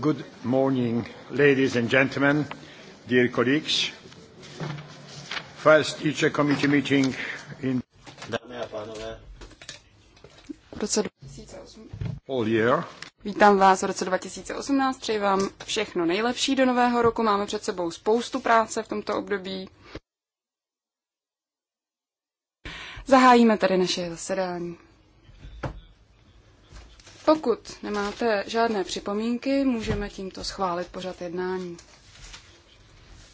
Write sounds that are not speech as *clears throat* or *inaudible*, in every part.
Good morning, ladies and gentlemen, dear colleagues. First, each committee meeting in Dámy a pánové. All year. Vítám vás v roce 2018, přeji vám všechno nejlepší do nového roku. Máme před sebou spoustu práce v tomto období. Zahájíme tady naše zasedání. Pokud nemáte žádné připomínky, můžeme tímto schválit pořad jednání.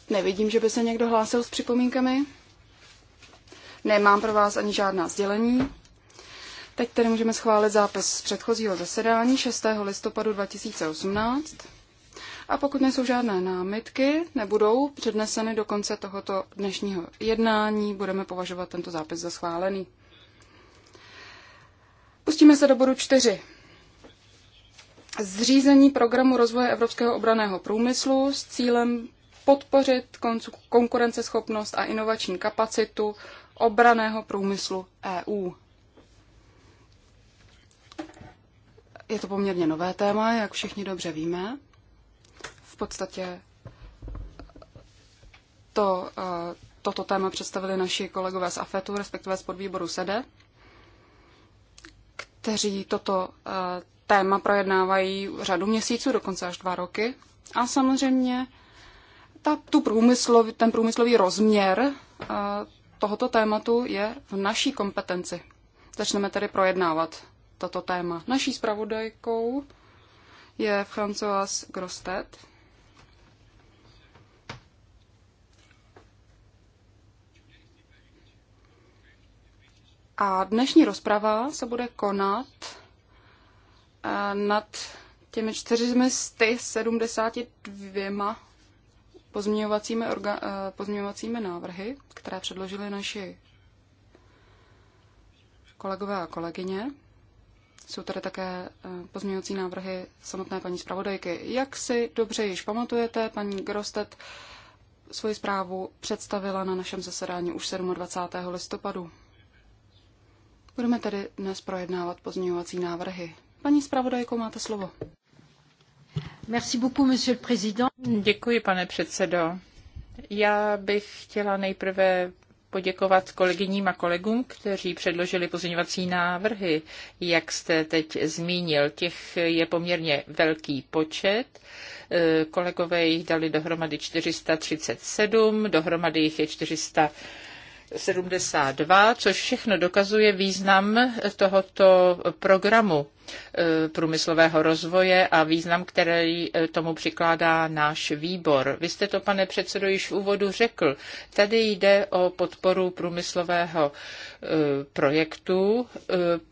Nevidím, že by se někdo hlásil s připomínkami. Nemám pro vás ani žádná sdělení. Teď tedy můžeme schválit zápis z předchozího zasedání 6. listopadu 2018. A pokud nejsou žádné námitky, nebudou předneseny do konce tohoto dnešního jednání, budeme považovat tento zápis za schválený. Pustíme se do bodu 4 zřízení programu rozvoje evropského obraného průmyslu s cílem podpořit konkurenceschopnost a inovační kapacitu obraného průmyslu EU. Je to poměrně nové téma, jak všichni dobře víme. V podstatě to, eh, toto téma představili naši kolegové z AFETu, respektive z podvýboru SEDE, kteří toto eh, téma projednávají řadu měsíců, dokonce až dva roky. A samozřejmě ta, tu průmyslov, ten průmyslový rozměr eh, tohoto tématu je v naší kompetenci. Začneme tedy projednávat tato téma. Naší zpravodajkou je François Grostet. A dnešní rozprava se bude konat nad těmi čtyřmi z 472 pozměňovacími, orga, eh, pozměňovacími návrhy, které předložili naši kolegové a kolegyně. Jsou tady také eh, pozměňovací návrhy samotné paní zpravodajky. Jak si dobře již pamatujete, paní Grostet svoji zprávu představila na našem zasedání už 27. listopadu. Budeme tedy dnes projednávat pozměňovací návrhy. Paní zpravodajko, máte slovo. Merci beaucoup, monsieur le président. Děkuji, pane předsedo. Já bych chtěla nejprve poděkovat kolegyním a kolegům, kteří předložili pozměňovací návrhy. Jak jste teď zmínil, těch je poměrně velký počet. Eh, kolegové jich dali dohromady 437, dohromady jich je 472, což všechno dokazuje význam tohoto programu E, průmyslového rozvoje a význam, který e, tomu přikládá náš výbor. Vy jste to, pane předsedo, již v úvodu řekl. Tady jde o podporu průmyslového e, projektu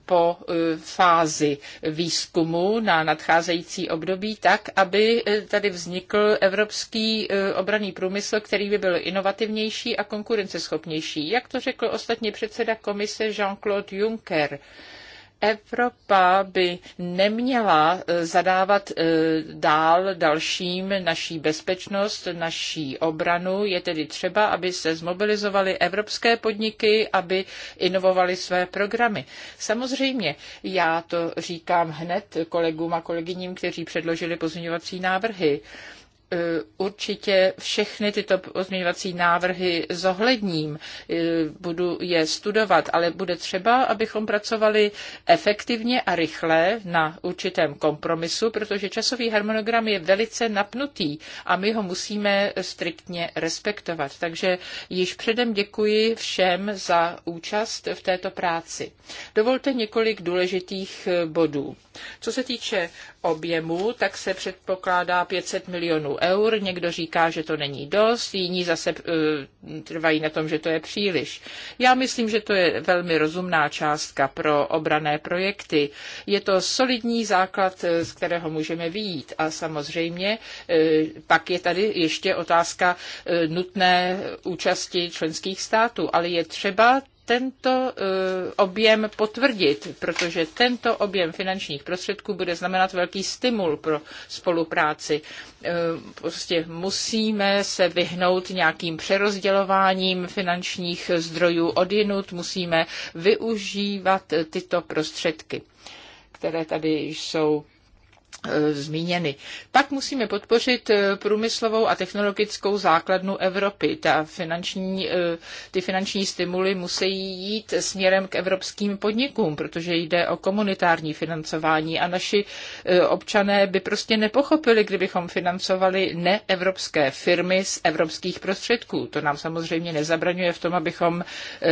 po fázi výzkumu na nadcházející období tak, aby tady vznikl evropský obraný průmysl, který by byl inovativnější a konkurenceschopnější. Jak to řekl ostatně předseda komise Jean-Claude Juncker? Evropa by neměla eh, zadávat eh, dál dalším naší bezpečnost, naší obranu. Je tedy třeba, aby se zmobilizovaly evropské podniky, aby inovovaly své programy. Samozřejmě, já to říkám hned kolegům a kolegyním, kteří předložili pozměňovací návrhy. E, určitě všechny tyto pozměňovací návrhy zohledním, e, budu je studovat, ale bude třeba, abychom pracovali efektivně a rychle na určitém kompromisu, protože časový harmonogram je velice napnutý a my ho musíme striktně respektovat. Takže již předem děkuji všem za účast v této práci. Dovolte několik důležitých bodů. Co se týče objemu, tak se předpokládá 500 milionů eur. Někdo říká, že to není dost, jiní zase eh, trvají na tom, že to je příliš. Já myslím, že to je velmi rozumná částka pro obrané projekty. Je to solidní základ, eh, z kterého můžeme výjít. A samozřejmě eh, pak je tady ještě otázka nutné účasti členských států, ale je třeba tento eh, objem potvrdit, protože tento objem finančních prostředků bude znamenat velký stimul pro spolupráci. Eh, prostě musíme se vyhnout nějakým přerozdělováním finančních zdrojů odinut, musíme využívat tyto prostředky, které tady jsou Eh, zmíněny. Pak musíme podpořit eh, průmyslovou a technologickou základnu Evropy. Ta finanční, eh, ty finanční stimuly musí jít směrem k evropským podnikům, protože jde o komunitární financování a naši občané by prostě nepochopili, kdybychom financovali neevropské firmy z evropských prostředků. To nám samozřejmě nezabraňuje v tom, abychom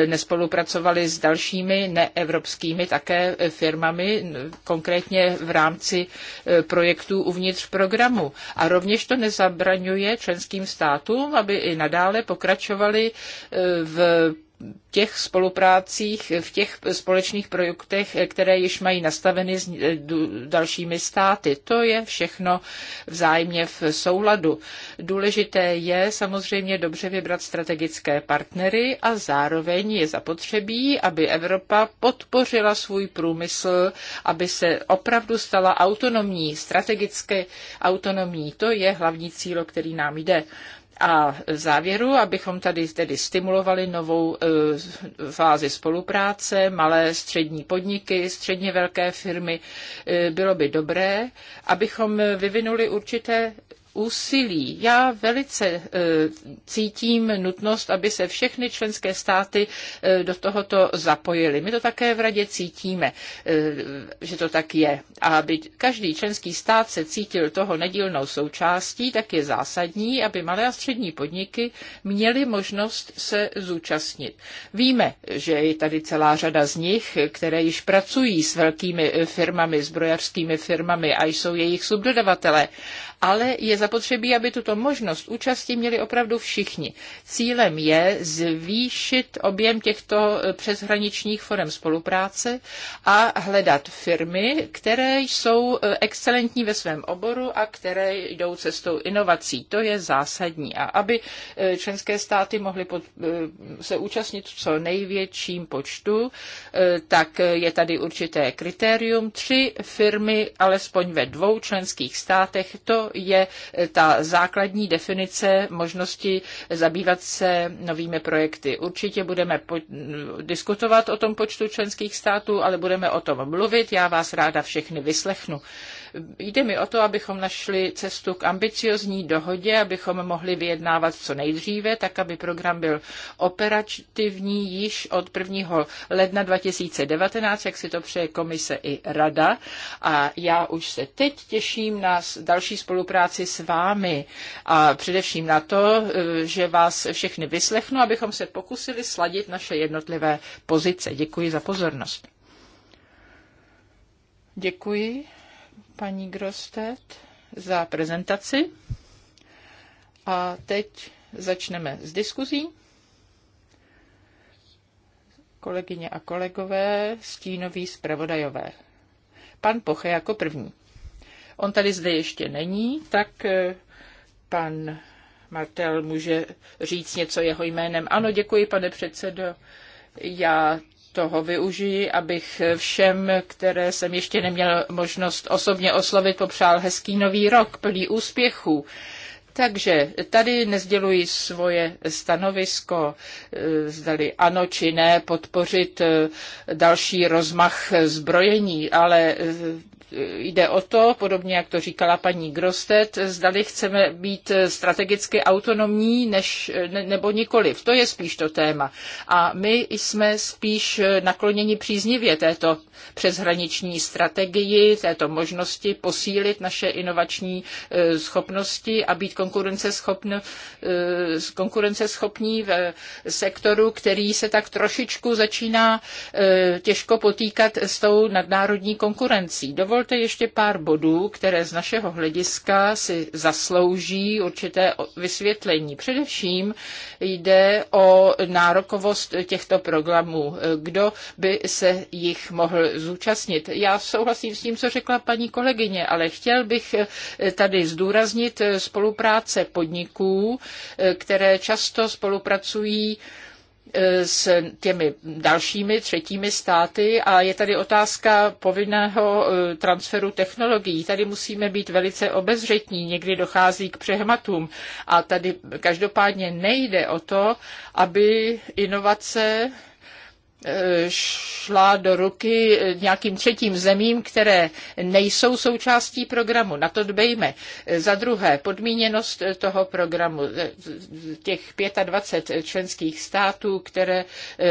nespolupracovali s dalšími neevropskými také firmami, konkrétně v rámci projektů uvnitř programu. A rovněž to nezabraňuje členským státům, aby i nadále pokračovali eh, v těch spoluprácích, v těch společných projektech, které již mají nastaveny s dalšími státy. To je všechno vzájemně v souladu. Důležité je samozřejmě dobře vybrat strategické partnery a zároveň je zapotřebí, aby Evropa podpořila svůj průmysl, aby se opravdu stala autonomní, strategicky autonomní. To je hlavní cíl, o který nám jde. A v závěru, abychom tady tedy stimulovali novou e, fázi spolupráce, malé střední podniky, středně velké firmy, e, bylo by dobré, abychom vyvinuli určité úsilí. Já velice e, cítím nutnost, aby se všechny členské státy e, do tohoto zapojily. My to také v radě cítíme, e, že to tak je. A aby každý členský stát se cítil toho nedílnou součástí, tak je zásadní, aby malé a střední podniky měly možnost se zúčastnit. Víme, že je tady celá řada z nich, které již pracují s velkými firmami, zbrojařskými firmami a jsou jejich subdodavatele ale je zapotřebí, aby tuto možnost účasti měli opravdu všichni. Cílem je zvýšit objem těchto eh, přeshraničních forem spolupráce a hledat firmy, které jsou eh, excelentní ve svém oboru a které jdou cestou inovací. To je zásadní. A aby eh, členské státy mohly pod, se účastnit v co největším počtu, tak je tady určité kritérium. Tři firmy alespoň ve dvou členských státech, to je ta základní definice možnosti zabývat se novými projekty. Určitě budeme po- diskutovat o tom počtu členských států, ale budeme o tom mluvit. Já vás ráda všechny vyslechnu. Jde mi o to, abychom našli cestu k ambiciozní dohodě, abychom mohli vyjednávat co nejdříve, tak aby program byl operativní již od 1. ledna 2019, jak si to přeje komise i rada. A já už se teď těším na další spolupráci s vámi a především na to, eh, že vás všechny vyslechnu, abychom se pokusili sladit naše jednotlivé pozice. Děkuji za pozornost. Děkuji paní Grostet za prezentaci. A teď začneme s diskuzí. Kolegyně a kolegové, stínoví zpravodajové. Pan Poche jako první. On tady zde ještě není, tak eh, pan Martel může říct něco jeho jménem. Ano, děkuji, pane předsedo. Já toho využiji, abych všem, které jsem ještě neměl možnost osobně oslovit, popřál hezký nový rok plný úspěchů. Takže tady nezděluji svoje stanovisko, eh, zdali ano či ne podpořit eh, další rozmach zbrojení, ale eh, jde o to, podobně jak to říkala paní Grostet, zdali chceme být strategicky autonomní než, ne, nebo nikoliv. To je spíš to téma. A my jsme spíš nakloněni příznivě této přeshraniční strategii, této možnosti posílit naše inovační e, schopnosti a být konkurenceschopn, e, konkurenceschopní v sektoru, který se tak trošičku začíná e, těžko potýkat s tou nadnárodní konkurencí. Dovol dovolte ještě pár bodů, které z našeho hlediska si zaslouží určité vysvětlení. Především jde o nárokovost těchto programů. Kdo by se jich mohl zúčastnit? Já souhlasím s tím, co řekla paní kolegyně, ale chtěl bych eh, tady zdůraznit eh, spolupráce podniků, eh, které často spolupracují E, s těmi dalšími třetími státy a je tady otázka povinného e, transferu technologií. Tady musíme být velice obezřetní, někdy dochází k přehmatům a tady každopádně nejde o to, aby inovace Eh, šla do ruky nějakým třetím zemím, které nejsou součástí programu. Na to dbejme. Eh, za druhé, podmíněnost eh, toho programu, těch 25 členských států, které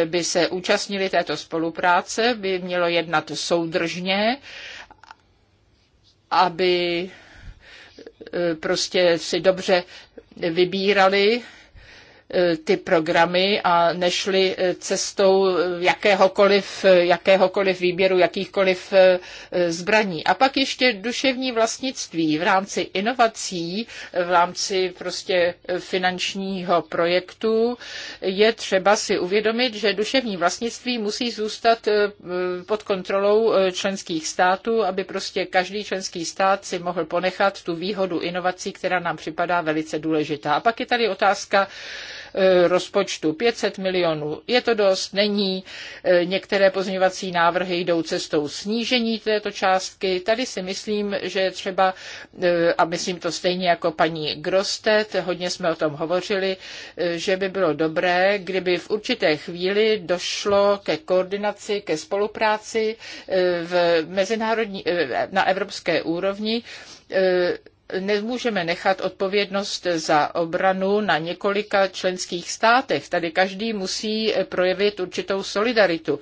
by se účastnili této spolupráce, by mělo jednat soudržně, aby prostě si dobře vybírali Eh, ty programy a nešli eh, cestou eh, jakéhokoliv, jakéhokoliv výběru jakýchkoliv zbraní. A pak ještě duševní vlastnictví v rámci inovací, v rámci prostě finančního projektu je třeba si uvědomit, že duševní vlastnictví musí zůstat pod kontrolou členských států, aby prostě každý členský stát si mohl ponechat tu výhodu inovací, která nám připadá velice důležitá. A pak je tady otázka, Eh, rozpočtu. 500 milionů, je to dost, není. Eh, některé pozměňovací návrhy jdou cestou snížení této částky. Tady si myslím, že třeba, eh, a myslím to stejně jako paní Grostet, hodně jsme o tom hovořili, že by bylo dobré, kdyby v určité chvíli došlo ke koordinaci, ke spolupráci v mezinárodní, na evropské úrovni nemůžeme nechat odpovědnost za obranu na několika členských státech. Tady každý musí projevit určitou solidaritu.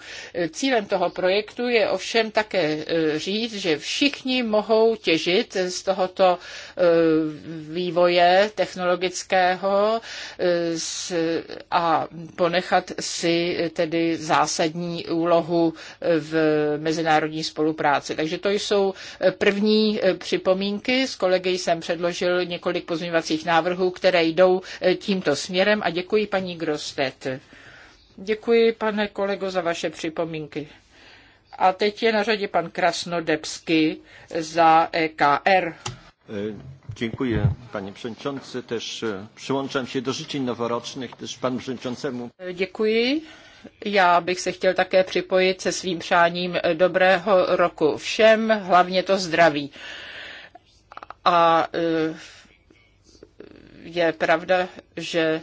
Cílem toho projektu je ovšem také eh, říct, že všichni mohou těžit z tohoto eh, vývoje technologického eh, a ponechat si tedy zásadní úlohu v mezinárodní spolupráci. Takže to jsou první připomínky s kolegy jsem předložil několik pozměňovacích návrhů, které jdou eh, tímto směrem a děkuji paní Grostet. Děkuji, pane kolego, za vaše připomínky. A teď je na řadě pan Krasnodebsky za EKR. Eh, dziękuję panie przewodniczący. Też eh, przyłączam się do życzeń noworocznych też panu przewodniczącemu. Dziękuję. Já bych se chtěl také připojit se svým přáním dobrého roku všem, hlavně to zdraví. A e, je pravda, že e,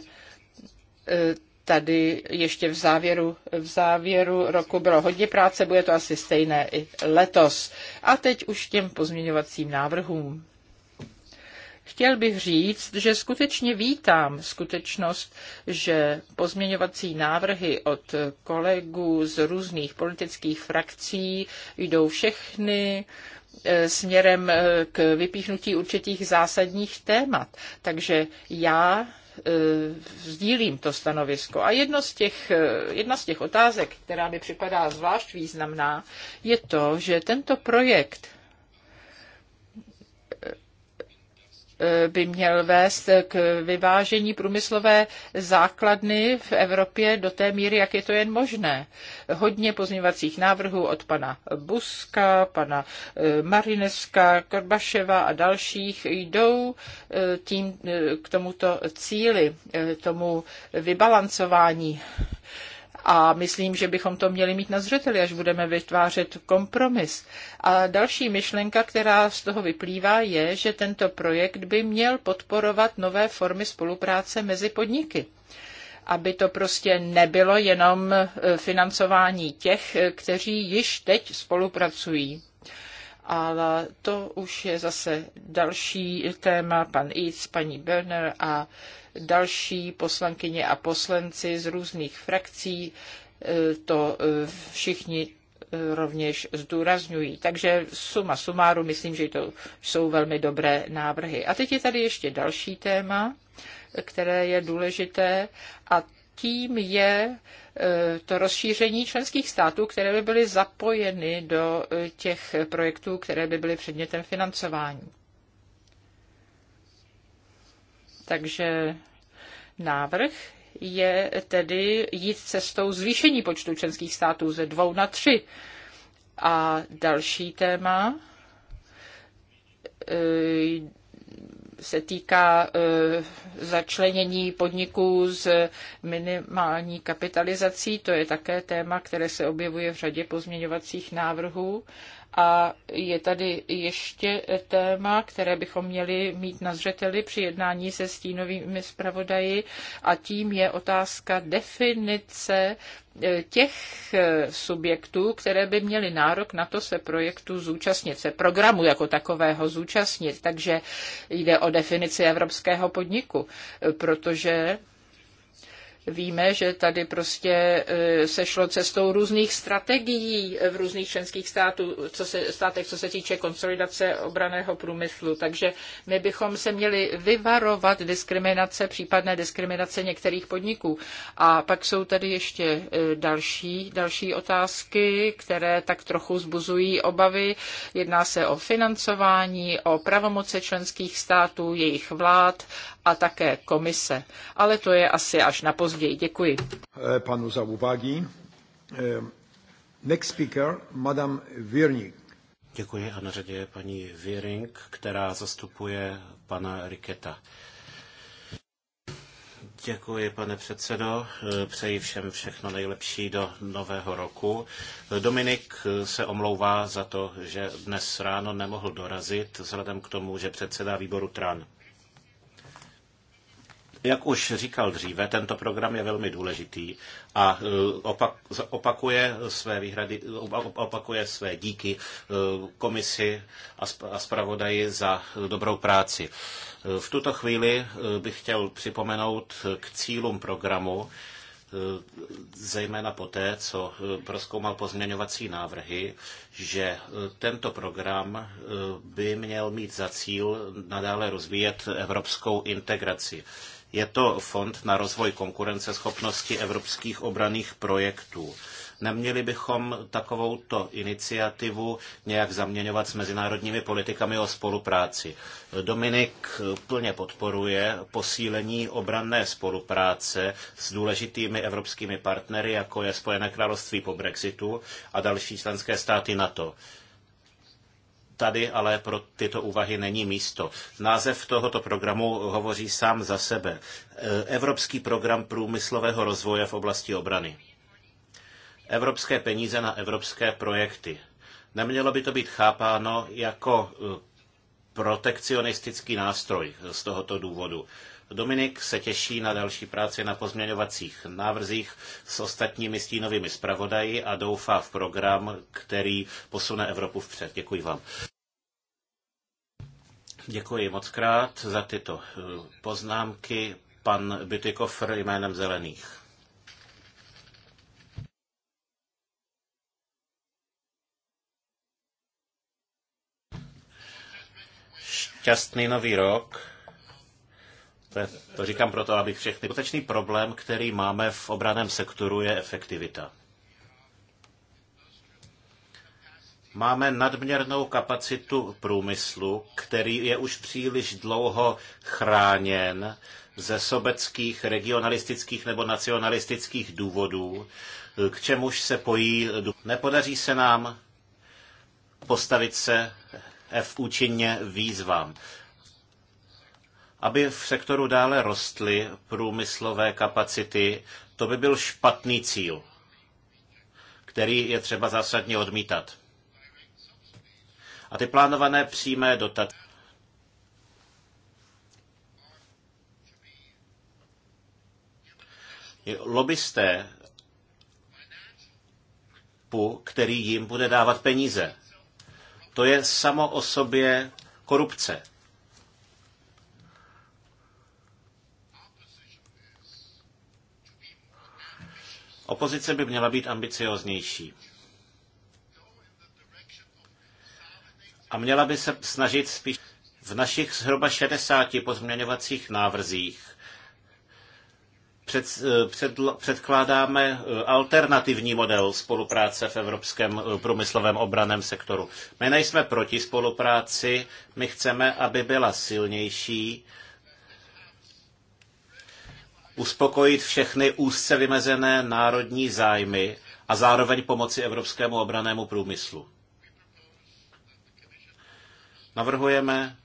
tady ještě v závěru, v závěru roku bylo hodně práce, bude to asi stejné i letos. A teď už těm pozměňovacím návrhům. Chtěl bych říct, že skutečně vítám skutečnost, že pozměňovací návrhy od kolegů z různých politických frakcí jdou všechny E, směrem e, k vypíchnutí určitých zásadních témat. Takže já e, sdílím to stanovisko. A jedno z těch, jedna z těch otázek, která mi připadá zvlášť významná, je to, že tento projekt Eh, by měl vést k vyvážení průmyslové základny v Evropě do té míry, jak je to jen možné. Hodně pozměňovacích návrhů od pana Buska, pana eh, Marineska, Korbaševa a dalších jdou eh, tím, k tomuto cíli, tomu vybalancování a myslím, že bychom to měli mít na zřeteli, až budeme vytvářet kompromis. A další myšlenka, která z toho vyplývá, je, že tento projekt by měl podporovat nové formy spolupráce mezi podniky aby to prostě nebylo jenom e, financování těch, e, kteří již teď spolupracují. Ale to už je zase další téma, pan Eats, paní Berner a další poslankyně a poslanci z různých frakcí e, to e, všichni e, rovněž zdůrazňují. Takže suma sumáru, myslím, že to jsou velmi dobré návrhy. A teď je tady ještě další téma, které je důležité a tím je to rozšíření členských států, které by byly zapojeny do těch projektů, které by byly předmětem financování. Takže návrh je tedy jít cestou zvýšení počtu členských států ze dvou na tři. A další téma eh, se týká eh, začlenění podniků s minimální kapitalizací. To je také téma, které se objevuje v řadě pozměňovacích návrhů. A je tady ještě téma, které bychom měli mít na zřeteli při jednání se stínovými zpravodaji a tím je otázka definice eh, těch eh, subjektů, které by měly nárok na to se projektu zúčastnit, se programu jako takového zúčastnit. Takže jde o definici evropského podniku, eh, protože Víme, že tady prostě e, se šlo cestou různých strategií e, v různých členských států, co se, státech, co se týče konsolidace obraného průmyslu. Takže my bychom se měli vyvarovat diskriminace, případné diskriminace některých podniků. A pak jsou tady ještě e, další, další otázky, které tak trochu zbuzují obavy. Jedná se o financování, o pravomoce členských států, jejich vlád a také komise. Ale to je asi až na později. Děkuji. Eh, panu za uvági. Eh, next speaker, Madame Virnik. Děkuji a na řadě je paní Viering, která zastupuje pana Riketa. Děkuji, pane předsedo. Eh, přeji všem všechno nejlepší do nového roku. Dominik se omlouvá za to, že dnes ráno nemohl dorazit, vzhledem k tomu, že předsedá výboru TRAN. Jak už říkal dříve, tento program je velmi důležitý a e, opak, opakuje své výhrady, opakuje své díky e, komisi a zpravodaji za dobrou práci. E, v tuto chvíli bych chtěl připomenout k cílům programu, zejména poté, co proskoumal pozměňovací návrhy, že tento program by měl mít za cíl nadále rozvíjet evropskou integraci. Je to fond na rozvoj konkurenceschopnosti evropských obraných projektů. Neměli bychom takovouto iniciativu nějak zaměňovat s mezinárodními politikami o spolupráci. Dominik plně podporuje posílení obranné spolupráce s důležitými evropskými partnery, jako je Spojené království po Brexitu a další členské státy NATO. Tady ale pro tyto úvahy není místo. Název tohoto programu hovoří sám za sebe. E, Evropský program průmyslového rozvoje v oblasti obrany. Evropské peníze na evropské projekty. Nemělo by to být chápáno jako e, protekcionistický nástroj z tohoto důvodu. Dominik se těší na další práci na pozměňovacích návrzích s ostatními stínovými zpravodaji a doufá v program, který posune Evropu vpřed. Děkuji vám. Děkuji moc krát za tyto eh, poznámky. Pan Bytykofr jménem Zelených. Šťastný nový rok. To, je, to říkám proto, abych všechny. Skutečný problém, který máme v obraném sektoru, je efektivita. Máme nadměrnou kapacitu průmyslu, který je už příliš dlouho chráněn ze sobeckých, regionalistických nebo nacionalistických důvodů, k čemuž se pojí. Nepodaří se nám postavit se v účinně výzvám. Aby v sektoru dále rostly průmyslové kapacity, to by byl špatný cíl, který je třeba zásadně odmítat. A ty plánované přímé dotace lobbysté pu, který jim bude dávat peníze. To je samo o sobě korupce. Opozice by měla být ambicioznější. A měla by se snažit spíš v našich zhruba 60 pozměňovacích návrzích před, eh, před, předkládáme eh, alternativní model spolupráce v evropském eh, průmyslovém obraném sektoru. My nejsme proti spolupráci, my chceme, aby byla silnější, uspokojit všechny úzce vymezené národní zájmy a zároveň pomoci evropskému obranému průmyslu. Navrhujeme,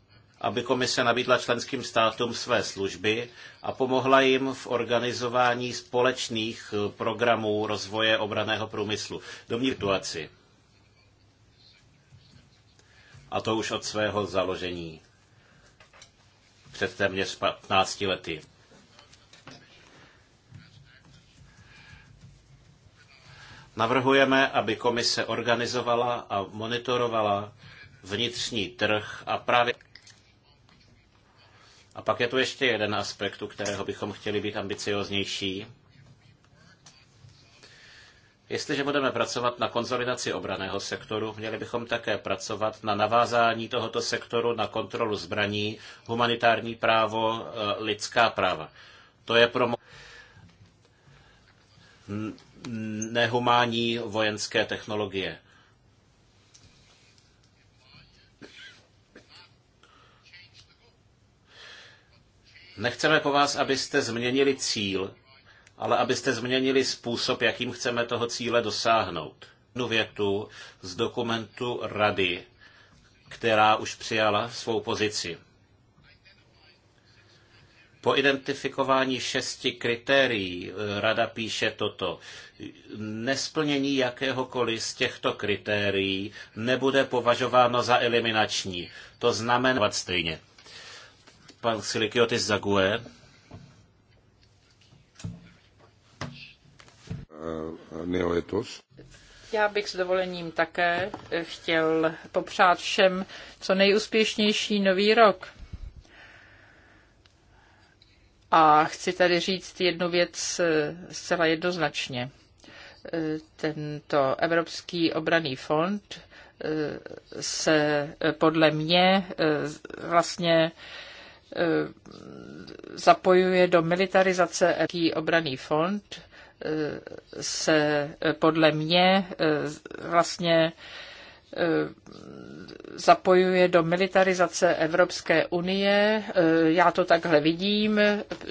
aby komise nabídla členským státům své služby a pomohla jim v organizování společných eh, programů rozvoje obraného průmyslu. Domní situaci. A to už od svého založení před téměř 15 lety. Navrhujeme, aby komise organizovala a monitorovala vnitřní trh a právě. A pak je tu ještě jeden aspekt, u kterého bychom chtěli být ambicioznější. Jestliže budeme pracovat na konsolidaci obraného sektoru, měli bychom také pracovat na navázání tohoto sektoru na kontrolu zbraní, humanitární právo, eh, lidská práva. To je pro nehumánní vojenské technologie. Nechceme po vás, abyste změnili cíl, ale abyste změnili způsob, jakým chceme toho cíle dosáhnout. Jednu větu z dokumentu Rady, která už přijala svou pozici. Po identifikování šesti kritérií eh, rada píše toto. Nesplnění jakéhokoliv z těchto kritérií nebude považováno za eliminační. To znamená stejně. Pan Silikiotis Zague. Eh, Neoetos. Já bych s dovolením také eh, chtěl popřát všem co nejúspěšnější nový rok. A chci tady říct jednu věc eh, zcela jednoznačně. Eh, tento Evropský obraný fond eh, se podle mě vlastně zapojuje do militarizace Evropský obraný fond se podle mě vlastně Eh, zapojuje do militarizace Evropské unie. Eh, já to takhle vidím,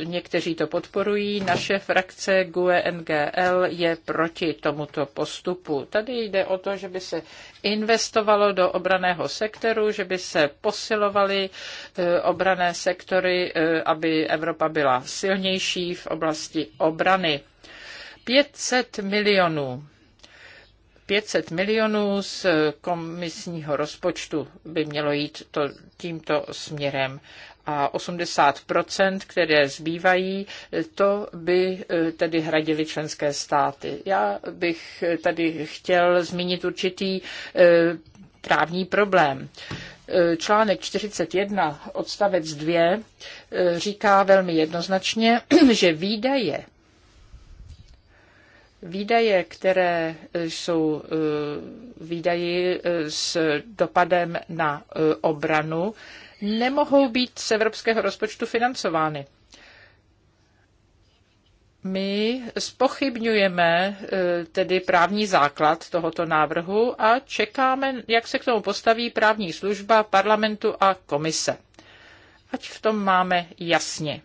někteří to podporují. Naše frakce GUE NGL je proti tomuto postupu. Tady jde o to, že by se investovalo do obraného sektoru, že by se posilovaly eh, obrané sektory, aby Evropa byla silnější v oblasti obrany. 500 milionů 500 milionů z komisního rozpočtu by mělo jít to, tímto směrem a 80 které zbývají, to by eh, tedy hradili členské státy. Já bych tady chtěl zmínit určitý eh, právní problém. Eh, článek 41 odstavec 2 říká velmi jednoznačně, *clears throat* že výdaje Výdaje, které e, jsou e, výdaji e, s dopadem na obranu, nemohou být z evropského rozpočtu financovány. My spochybňujeme tedy právní základ tohoto návrhu a čekáme, jak se k tomu postaví právní služba parlamentu a komise. Ať v tom máme jasně.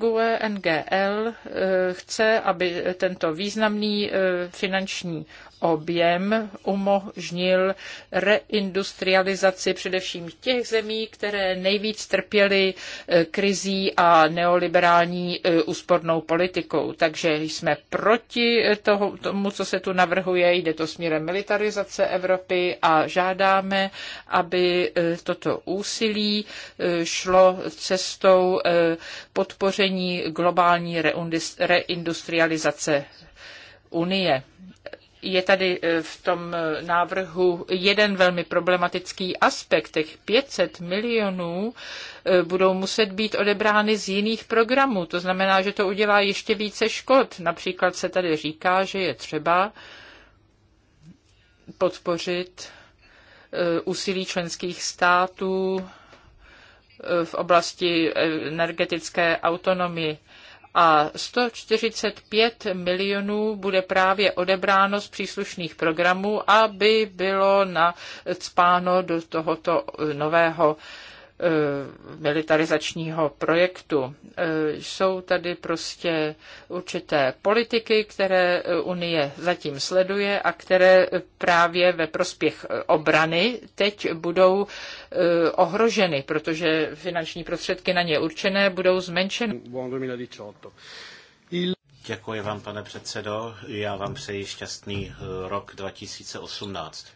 GUE NGL eh, chce, aby tento významný eh, finanční objem umožnil reindustrializaci především těch zemí, které nejvíc trpěly eh, krizí a neoliberální eh, úspornou politikou. Takže jsme proti eh, toho, tomu, co se tu navrhuje, jde to směrem militarizace Evropy a žádáme, aby toto úsilí šlo cestou podpoření globální reindustrializace Unie je tady eh, v tom eh, návrhu jeden velmi problematický aspekt. Těch 500 milionů eh, budou muset být odebrány z jiných programů. To znamená, že to udělá ještě více škod. Například se tady říká, že je třeba podpořit úsilí členských států v oblasti energetické autonomie a 145 milionů bude právě odebráno z příslušných programů, aby bylo nacpáno do tohoto nového Eh, militarizačního projektu. Eh, jsou tady prostě určité politiky, které eh, Unie zatím sleduje a které právě ve prospěch obrany teď budou ohroženy, protože finanční prostředky na ně určené budou zmenšeny. Děkuji vám, pane předsedo. Já vám přeji šťastný rok 2018.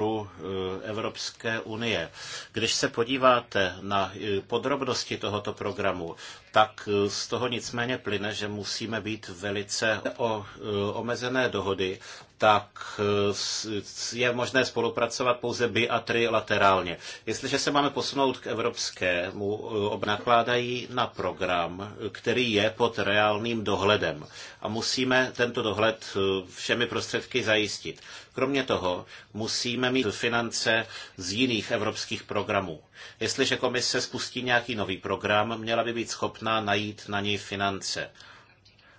Eh, Evropské unie. Když se podíváte na eh, podrobnosti tohoto programu, tak eh, z toho nicméně plyne, že musíme být velice o omezené dohody tak eh, je možné spolupracovat pouze bi a trilaterálně. Jestliže se máme posunout k evropskému, eh, nakládají na program, eh, který je pod reálným dohledem a musíme tento dohled všemi prostředky zajistit. Kromě toho musíme mít finance z jiných evropských programů. Jestliže komise spustí nějaký nový program, měla by být schopná najít na něj finance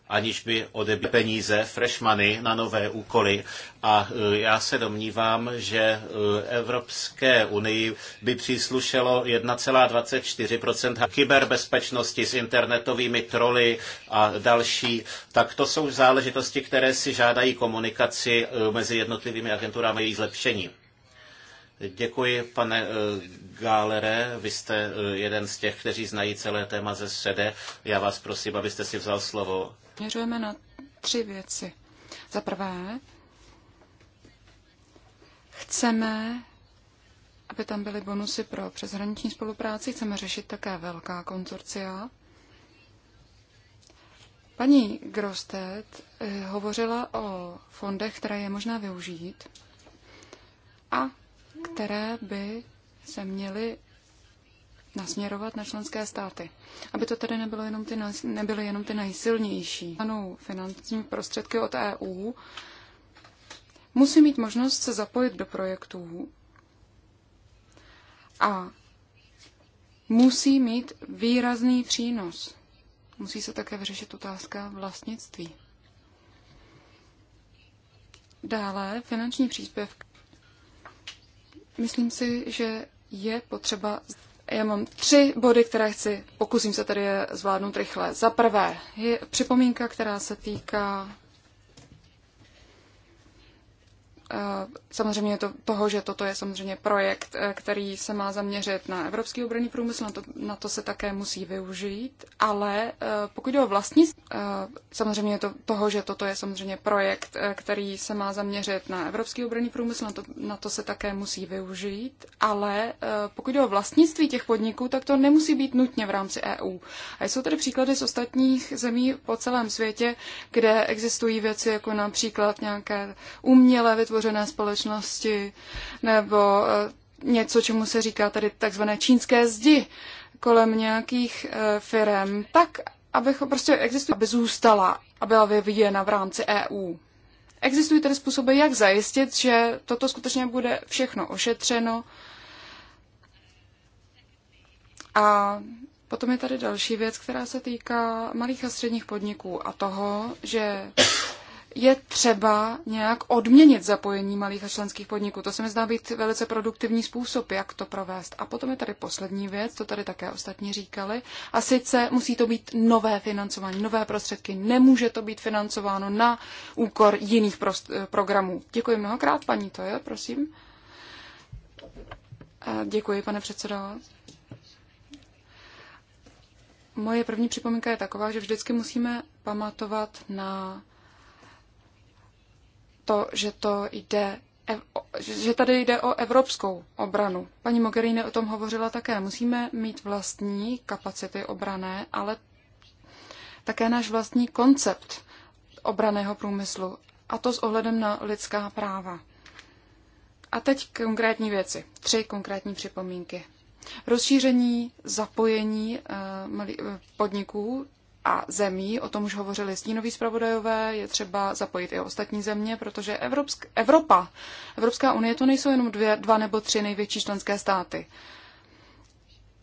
aniž by odebí peníze, freshmany na nové úkoly. A e, já se domnívám, že e, Evropské unii by příslušelo 1,24 kyberbezpečnosti s internetovými troly a další. Tak to jsou záležitosti, které si žádají komunikaci e, mezi jednotlivými agenturami její zlepšení. Děkuji, pane eh, Gálere. Vy jste eh, jeden z těch, kteří znají celé téma ze střede. Já vás prosím, abyste si vzal slovo. Měřujeme na tři věci. Za prvé, chceme, aby tam byly bonusy pro přeshraniční spolupráci, chceme řešit také velká konzorcia. Paní Grostet eh, hovořila o fondech, které je možná využít a které by se měly nasměrovat na členské státy. Aby to tedy nebylo jenom ty, nebyly jenom ty nejsilnější. Ano, finanční prostředky od EU musí mít možnost se zapojit do projektů a musí mít výrazný přínos. Musí se také vyřešit otázka vlastnictví. Dále finanční příspěvky Myslím si, že je potřeba. Já mám tři body, které chci, pokusím se tedy zvládnout rychle. Za prvé je připomínka, která se týká Eh, samozřejmě to, toho, že toto je samozřejmě projekt, eh, který se má zaměřit na evropský obranný průmysl, na to, na to se také musí využít, ale eh, pokud jde o vlastní, samozřejmě to, toho, že toto je samozřejmě projekt, který se má zaměřit na evropský obranný průmysl, na to, na to se také musí využít, ale pokud jde o vlastnictví těch podniků, tak to nemusí být nutně v rámci EU. A jsou tady příklady z ostatních zemí po celém světě, kde existují věci jako například nějaké umělé vytvoření otevřené společnosti nebo eh, něco, čemu se říká tady takzvané čínské zdi kolem nějakých eh, firm, tak abych prostě existuje, aby zůstala a byla vyvíjena v rámci EU. Existují tedy způsoby, jak zajistit, že toto skutečně bude všechno ošetřeno. A potom je tady další věc, která se týká malých a středních podniků a toho, že je třeba nějak odměnit zapojení malých a členských podniků. To se mi zdá být velice produktivní způsob, jak to provést. A potom je tady poslední věc, to tady také ostatní říkali, a sice musí to být nové financování, nové prostředky. Nemůže to být financováno na úkor jiných eh, programů. Děkuji mnohokrát, paní to je, prosím. Děkuji, pane předsedo. Moje první připomínka je taková, že vždycky musíme pamatovat na to, že to jde že tady jde o evropskou obranu. Paní Mogherini o tom hovořila také. Musíme mít vlastní kapacity obrané, ale také náš vlastní koncept obraného průmyslu. A to s ohledem na lidská práva. A teď konkrétní věci. Tři konkrétní připomínky. Rozšíření zapojení eh, eh, podniků a zemí, o tom už hovořili stínoví zpravodajové, je třeba zapojit i ostatní země, protože Evropsk, Evropa, Evropská unie, to nejsou jenom dvě, dva nebo tři největší členské státy.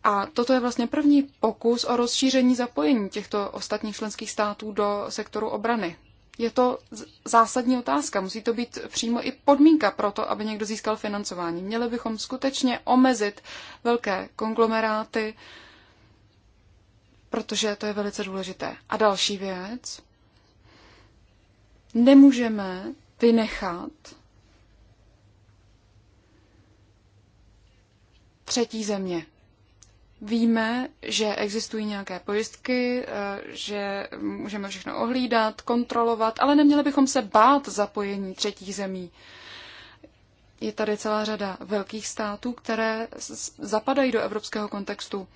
A toto je vlastně první pokus o rozšíření zapojení těchto ostatních členských států do sektoru obrany. Je to zásadní otázka. Musí to být přímo i podmínka pro to, aby někdo získal financování. Měli bychom skutečně omezit velké konglomeráty, protože to je velice důležité. A další věc, nemůžeme vynechat třetí země. Víme, že existují nějaké pojistky, eh, že můžeme všechno ohlídat, kontrolovat, ale neměli bychom se bát zapojení třetích zemí. Je tady celá řada velkých států, které zapadají do evropského kontextu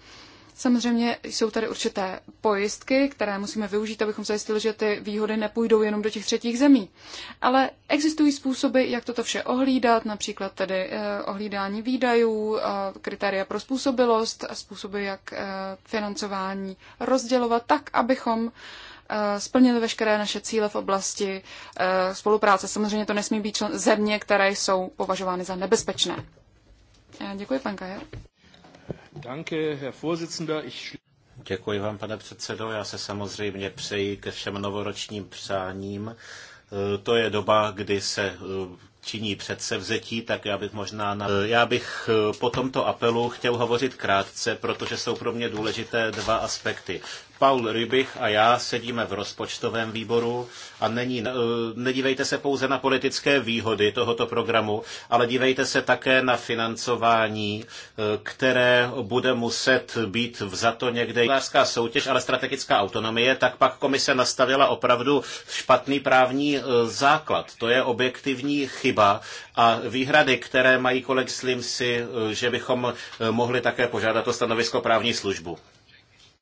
Samozřejmě jsou tady určité pojistky, které musíme využít, abychom zajistili, že ty výhody nepůjdou jenom do těch třetích zemí. Ale existují způsoby, jak toto vše ohlídat, například tedy eh, ohlídání výdajů, eh, kritéria pro způsobilost, způsoby, jak eh, financování rozdělovat, tak, abychom splnili veškeré naše cíle v oblasti spolupráce. Samozřejmě to nesmí být země, které jsou považovány za nebezpečné. Děkuji, pan Kajer. Děkuji vám, pane předsedo. Já se samozřejmě přeji ke všem novoročním přáním. E, to je doba, kdy se e, činí předsevzetí, tak já bych možná... Na... E, já bych po tomto apelu chtěl hovořit krátce, protože jsou pro mě důležité dva aspekty. Paul Rybich a já sedíme v rozpočtovém výboru a není, eh, nedívejte se pouze na politické výhody tohoto programu, ale dívejte se také na financování, eh, které bude muset být vzato někde. Hospodářská soutěž, ale strategická autonomie, tak pak komise nastavila opravdu špatný právní eh, základ. To je objektivní chyba a výhrady, které mají kolegy, myslím si, že bychom mohli také požádat o stanovisko právní službu.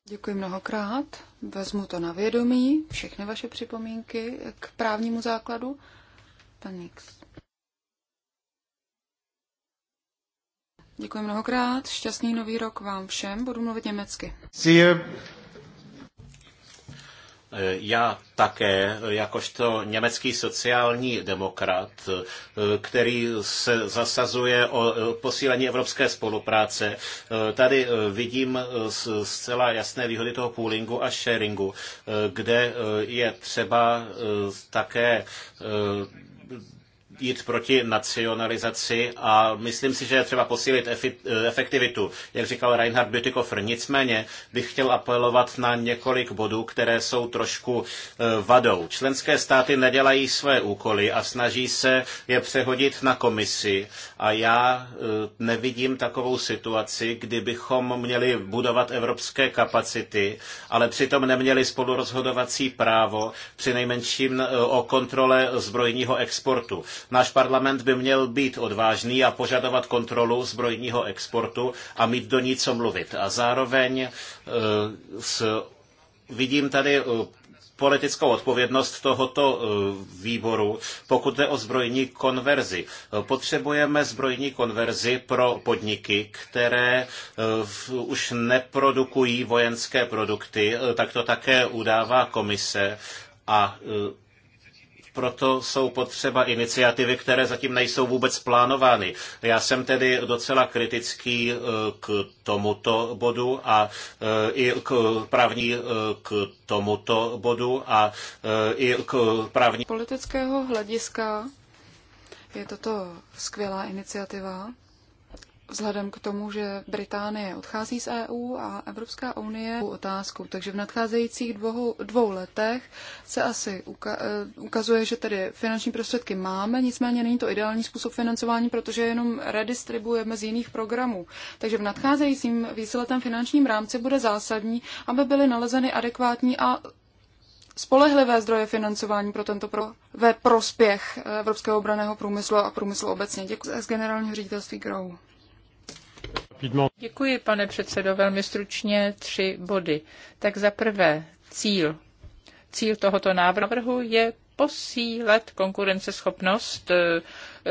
Děkuji mnohokrát. Vezmu to na vědomí, všechny vaše připomínky k právnímu základu. Pan Děkuji mnohokrát. Šťastný nový rok vám všem. Budu mluvit německy. Sie já také, jakožto německý sociální demokrat, který se zasazuje o posílení evropské spolupráce, tady vidím zcela jasné výhody toho poolingu a sharingu, kde je třeba také jít proti nacionalizaci a myslím si, že je třeba posílit efektivitu, jak říkal Reinhard Bütikofer. Nicméně bych chtěl apelovat na několik bodů, které jsou trošku e, vadou. Členské státy nedělají své úkoly a snaží se je přehodit na komisi a já e, nevidím takovou situaci, kdybychom měli budovat evropské kapacity, ale přitom neměli spolurozhodovací právo, při nejmenším e, o kontrole zbrojního exportu. Náš parlament by měl být odvážný a požadovat kontrolu zbrojního exportu a mít do ní co mluvit. A zároveň e, s, vidím tady e, politickou odpovědnost tohoto e, výboru, pokud jde o zbrojní konverzi. Potřebujeme zbrojní konverzi pro podniky, které už neprodukují vojenské produkty, tak to také udává komise a proto jsou potřeba iniciativy, které zatím nejsou vůbec plánovány. Já jsem tedy docela kritický e, k tomuto bodu a e, i k právní e, k tomuto bodu a i k právní politického hlediska je toto skvělá iniciativa vzhledem k tomu, že Británie odchází z EU a Evropská unie otázkou. Takže v nadcházejících dvou, dvou letech se asi uka- eh, ukazuje, že tedy finanční prostředky máme, nicméně není to ideální způsob financování, protože jenom redistribujeme z jiných programů. Takže v nadcházejícím výsledem finančním rámci bude zásadní, aby byly nalezeny adekvátní a spolehlivé zdroje financování pro tento pro, ve prospěch eh, evropského obraného průmyslu a průmyslu obecně. Děkuji z generálního ředitelství Grou. Děkuji, pane předsedo, velmi stručně tři body. Tak za prvé, cíl. Cíl tohoto návrhu je posílet konkurenceschopnost eh,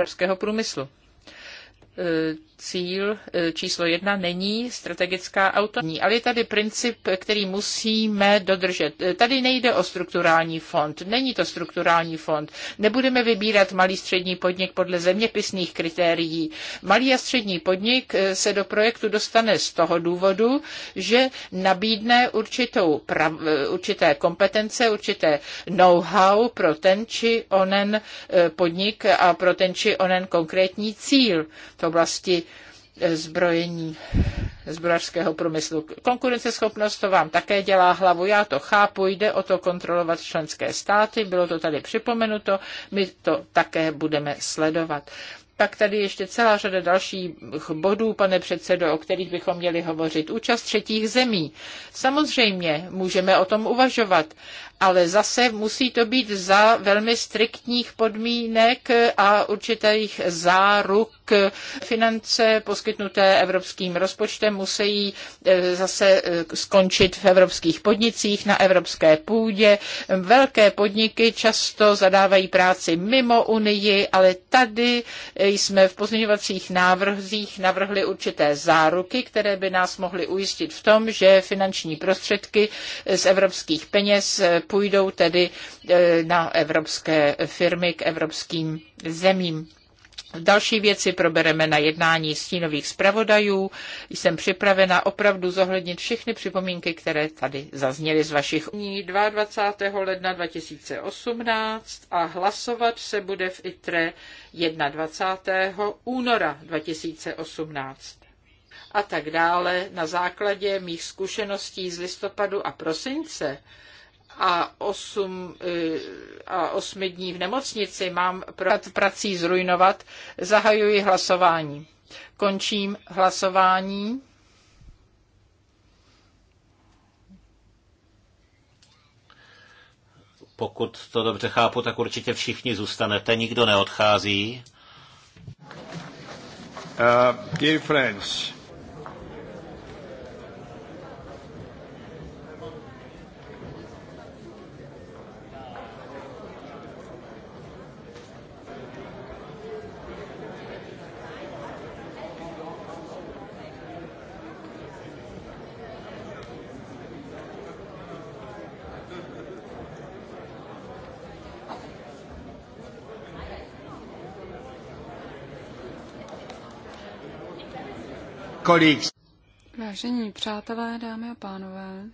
ruského průmyslu eh, cíl e, číslo jedna není strategická autonomie, ale je tady princip, který musíme dodržet. E, tady nejde o strukturální fond, není to strukturální fond. Nebudeme vybírat malý střední podnik podle zeměpisných kritérií. Malý a střední podnik e, se do projektu dostane z toho důvodu, že nabídne určitou prav, určité kompetence, určité know-how pro ten či onen podnik a pro ten či onen konkrétní cíl v oblasti zbrojení zbrojařského průmyslu. Konkurenceschopnost to vám také dělá hlavu, já to chápu, jde o to kontrolovat členské státy, bylo to tady připomenuto, my to také budeme sledovat. Pak tady ještě celá řada dalších bodů, pane předsedo, o kterých bychom měli hovořit. Účast třetích zemí. Samozřejmě můžeme o tom uvažovat, ale zase musí to být za velmi striktních podmínek a určitých záruk. Finance poskytnuté evropským rozpočtem musí eh, zase eh, skončit v evropských podnicích, na evropské půdě. Velké podniky často zadávají práci mimo Unii, ale tady eh, jsme v pozměňovacích návrzích navrhli určité záruky, které by nás mohly ujistit v tom, že finanční prostředky z evropských peněz půjdou tedy e, na evropské firmy k evropským zemím. Další věci probereme na jednání stínových zpravodajů. Jsem připravena opravdu zohlednit všechny připomínky, které tady zazněly z vašich dní 22. ledna 2018 a hlasovat se bude v ITRE 21. února 2018 a tak dále na základě mých zkušeností z listopadu a prosince a, osm, eh, a osmi dní v nemocnici mám prací zrujnovat, zahajuji hlasování. Končím hlasování. Pokud to dobře chápu, tak určitě všichni zůstanete, nikdo neodchází. Uh, dear friends, colleagues. Vážení přátelé, dámy a pánové,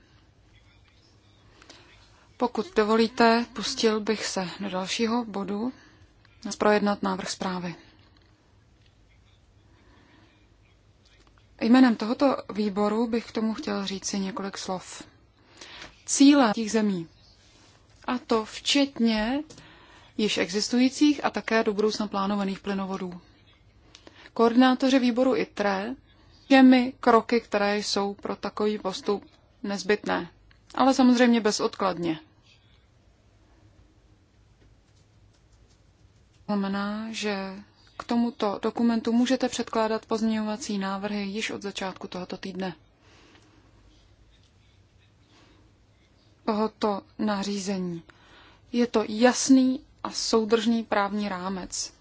pokud dovolíte, pustil bych se do dalšího bodu na projednat návrh zprávy. Jménem tohoto výboru bych k tomu chtěl říci několik slov. Cíle těch zemí, a to včetně již existujících a také do budoucna plánovaných plynovodů. Koordinátoři výboru ITRE těmi kroky, které jsou pro takový postup nezbytné. Ale samozřejmě bezodkladně. Znamená, že k tomuto dokumentu můžete předkládat pozměňovací návrhy již od začátku tohoto týdne. Tohoto nařízení. Je to jasný a soudržný právní rámec.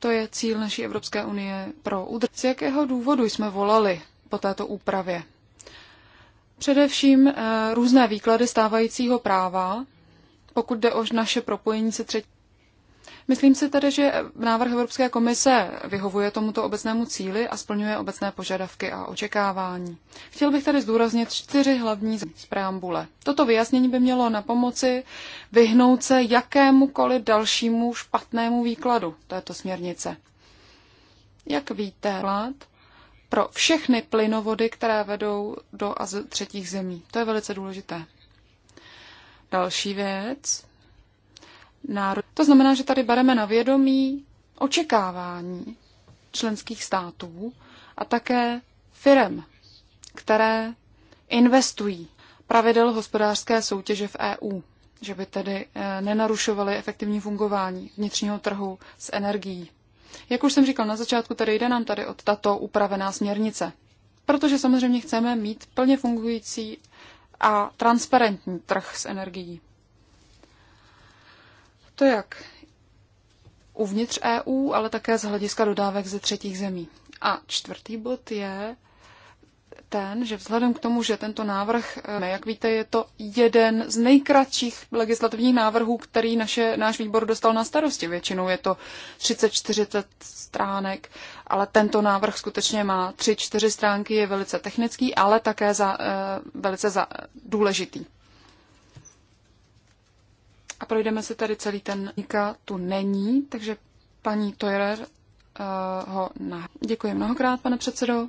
To je cíl naší Evropské unie pro udržení. Z jakého důvodu jsme volali po této úpravě? Především eh, různé výklady stávajícího práva, pokud jde o naše propojení se třetí Myslím si tedy, že návrh Evropské komise vyhovuje tomuto obecnému cíli a splňuje obecné požadavky a očekávání. Chtěl bych tady zdůraznit čtyři hlavní z preambule. Toto vyjasnění by mělo na pomoci vyhnout se jakémukoliv dalšímu špatnému výkladu této směrnice. Jak víte, pro všechny plynovody, které vedou do třetích zemí. To je velice důležité. Další věc, národ. To znamená, že tady bereme na vědomí očekávání členských států a také firem, které investují pravidel hospodářské soutěže v EU, že by tedy eh, nenarušovaly efektivní fungování vnitřního trhu s energií. Jak už jsem říkal na začátku, tady jde nám tady od tato upravená směrnice. Protože samozřejmě chceme mít plně fungující a transparentní trh s energií to jak uvnitř EU, ale také z hlediska dodávek ze třetích zemí. A čtvrtý bod je ten, že vzhledem k tomu, že tento návrh, eh, jak víte, je to jeden z nejkratších legislativních návrhů, který naše, náš výbor dostal na starosti. Většinou je to 30-40 stránek, ale tento návrh skutečně má 3-4 stránky, je velice technický, ale také za, eh, velice za, eh, důležitý. A projdeme si tady celý ten Nika tu není, takže paní Toyer uh, eh, ho na. Děkuji mnohokrát, pane předsedo.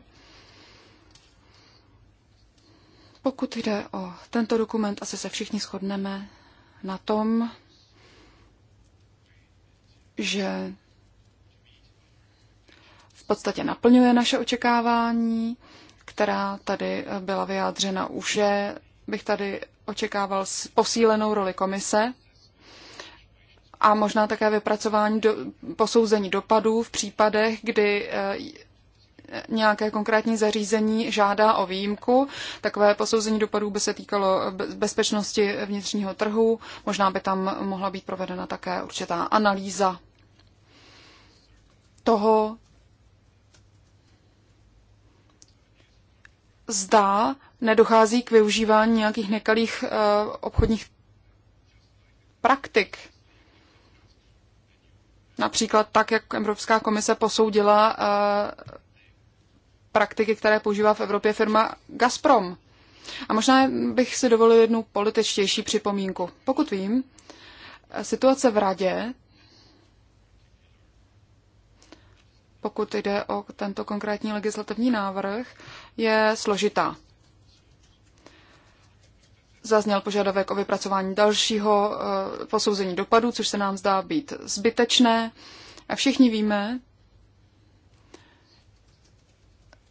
Pokud jde o tento dokument, asi se všichni shodneme na tom, že v podstatě naplňuje naše očekávání, která tady byla vyjádřena už, že bych tady očekával posílenou roli komise a možná také vypracování do, posouzení dopadů v případech, kdy eh, nějaké konkrétní zařízení žádá o výjimku. Takové posouzení dopadů by se týkalo bezpečnosti vnitřního trhu. Možná by tam mohla být provedena také určitá analýza toho, zda nedochází k využívání nějakých nekalých eh, obchodních praktik Například tak, jak Evropská komise posoudila eh, praktiky, které používá v Evropě firma Gazprom. A možná bych si dovolil jednu političtější připomínku. Pokud vím, situace v radě, pokud jde o tento konkrétní legislativní návrh, je složitá zazněl požadavek o vypracování dalšího eh, posouzení dopadů, což se nám zdá být zbytečné. A všichni víme,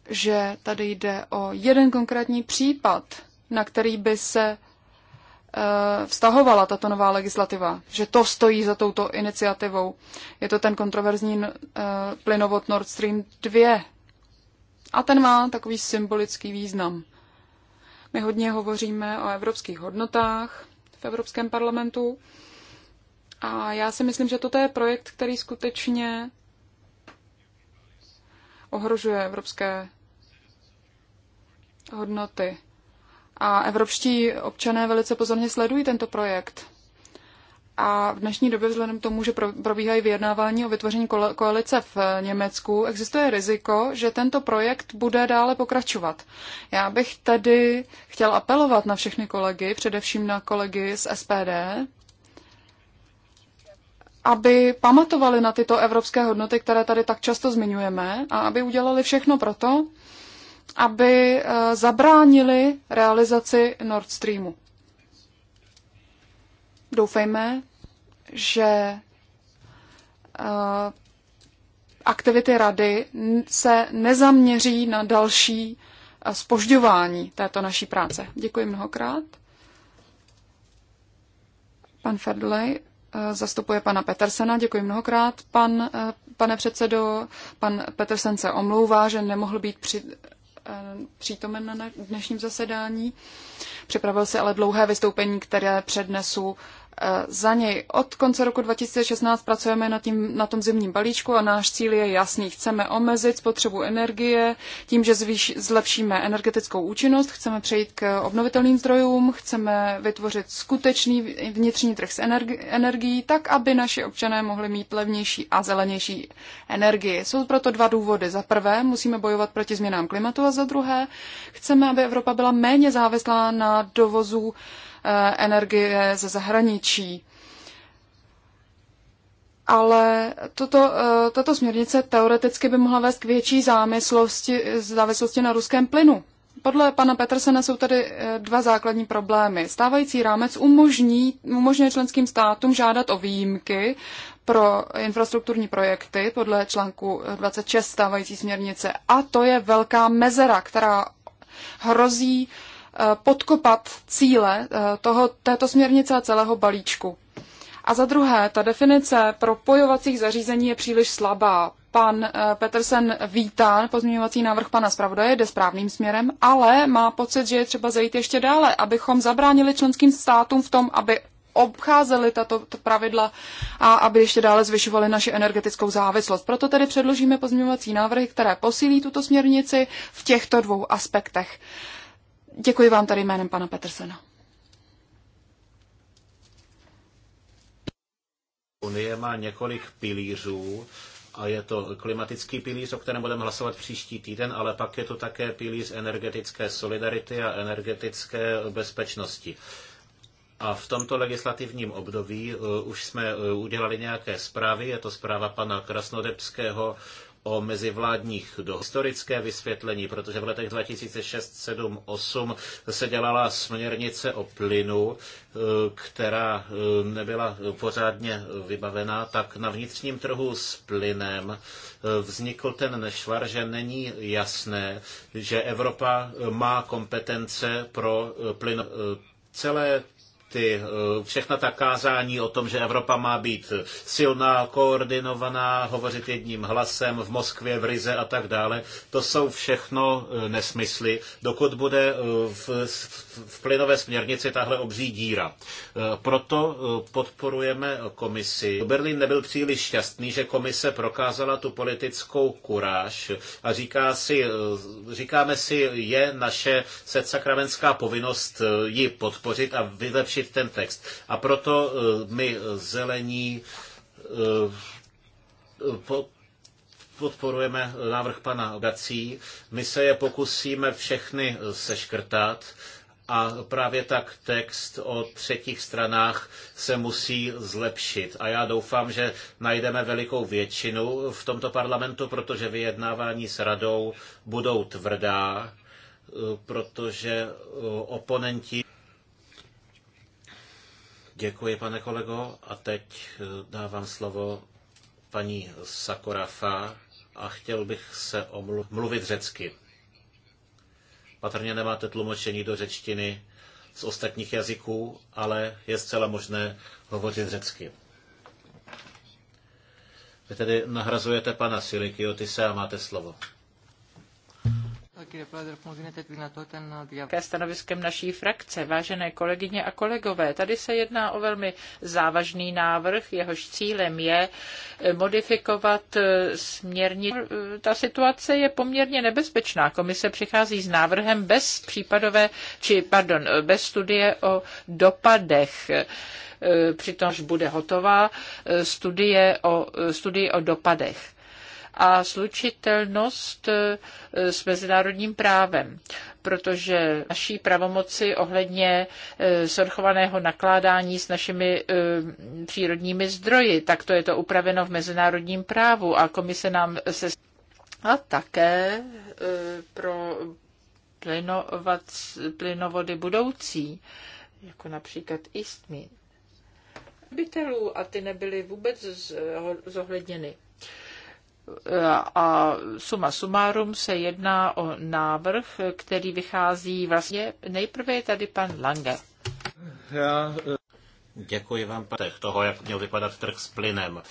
že tady jde o jeden konkrétní případ, na který by se eh, vztahovala tato nová legislativa, že to stojí za touto iniciativou. Je to ten kontroverzní eh, plynovod Nord Stream 2. A ten má takový symbolický význam. My hodně hovoříme o evropských hodnotách v Evropském parlamentu a já si myslím, že toto je projekt, který skutečně ohrožuje evropské hodnoty. A evropští občané velice pozorně sledují tento projekt a v dnešní době vzhledem k tomu, že probíhají vyjednávání o vytvoření koalice v eh, Německu, existuje riziko, že tento projekt bude dále pokračovat. Já bych tedy chtěl apelovat na všechny kolegy, především na kolegy z SPD, aby pamatovali na tyto evropské hodnoty, které tady tak často zmiňujeme, a aby udělali všechno proto, aby eh, zabránili realizaci Nord Streamu doufejme, že eh, aktivity rady se nezaměří na další spožďování eh, této naší práce. Děkuji mnohokrát. Pan Fedley eh, zastupuje pana Petersena. Děkuji mnohokrát. Pan, pane předsedo, pan Petersen se omlouvá, že nemohl být při, přítomen na dnešním zasedání. Připravil si ale dlouhé vystoupení, které přednesu E, za něj. Od konce roku 2016 pracujeme na, tím, na tom zimním balíčku a náš cíl je jasný. Chceme omezit spotřebu energie tím, že zvýš, zlepšíme energetickou účinnost, chceme přejít k obnovitelným zdrojům, chceme vytvořit skutečný vnitřní trh s energi- energií, tak, aby naši občané mohli mít levnější a zelenější energii. Jsou proto dva důvody. Za prvé, musíme bojovat proti změnám klimatu a za druhé, chceme, aby Evropa byla méně závislá na dovozu Eh, energie ze zahraničí. Ale toto, eh, tato směrnice teoreticky by mohla vést k větší závislosti, závislosti na ruském plynu. Podle pana Petersena jsou tady eh, dva základní problémy. Stávající rámec umožní, umožňuje členským státům žádat o výjimky pro infrastrukturní projekty podle článku 26 stávající směrnice. A to je velká mezera, která hrozí uh, Eh, podkopat cíle eh, toho, této směrnice a celého balíčku. A za druhé, ta definice propojovacích zařízení je příliš slabá. Pan eh, Petersen vítá pozměňovací návrh pana zpravodaje, jde správným směrem, ale má pocit, že je třeba zajít ještě dále, abychom zabránili členským státům v tom, aby obcházeli tato pravidla a aby ještě dále zvyšovali naši energetickou závislost. Proto tedy předložíme pozměňovací návrhy, které posílí tuto směrnici v těchto dvou aspektech. Děkuji vám tady jménem pana Petersena. Unie má několik pilířů a je to klimatický pilíř, o kterém budeme hlasovat příští týden, ale pak je to také pilíř energetické solidarity a energetické bezpečnosti. A v tomto legislativním období uh, už jsme uh, udělali nějaké zprávy, je to zpráva pana Krasnodebského o mezivládních do historické vysvětlení, protože v letech 2006, 7, 8 se dělala směrnice o plynu, e, která e, nebyla pořádně vybavená, tak na vnitřním trhu s plynem e, vznikl ten nešvar, že není jasné, že Evropa má kompetence pro plyn celé ty, eh, všechna ta kázání o tom, že Evropa má být silná, koordinovaná, hovořit jedním hlasem v Moskvě, v Rize a tak dále, to jsou všechno eh, nesmysly, dokud bude eh, v, v plynové směrnici tahle obří díra. Proto podporujeme komisi. Berlín nebyl příliš šťastný, že komise prokázala tu politickou kuráž a říká si, říkáme si, je naše sedsakramenská povinnost ji podpořit a vylepšit zlepšit ten text. A proto eh, my eh, zelení eh, podporujeme návrh pana Gací. My se je pokusíme všechny seškrtat a právě tak text o třetích stranách se musí zlepšit. A já doufám, že najdeme velikou většinu v tomto parlamentu, protože vyjednávání s radou budou tvrdá, protože oponenti Děkuji, pane kolego. A teď eh, dávám slovo paní Sakorafa a chtěl bych se omluvit mluvit řecky. Patrně nemáte tlumočení do řečtiny z ostatních jazyků, ale je zcela možné hovořit řecky. Vy tedy nahrazujete pana Silikiotise a máte slovo stanoviskem naší frakce. Vážené kolegyně a kolegové, tady se jedná o velmi závažný návrh, jehož cílem je eh, modifikovat eh, směrnici. Ta situace je poměrně nebezpečná. Komise přichází s návrhem bez případové, či pardon, eh, bez studie o dopadech přitom až bude hotová studie o, studie o dopadech a slučitelnost e, s mezinárodním právem, protože naší pravomoci ohledně e, svrchovaného nakládání s našimi e, přírodními zdroji, tak to je to upraveno v mezinárodním právu a komise nám se a také pro plynovody budoucí, jako například istmi bytelů a ty nebyly vůbec zohledněny a suma sumárum se jedná o návrh, který vychází vlastně nejprve je tady pan Lange. Já, e, Děkuji vám, pane, toho, jak měl vypadat trh s plynem. E,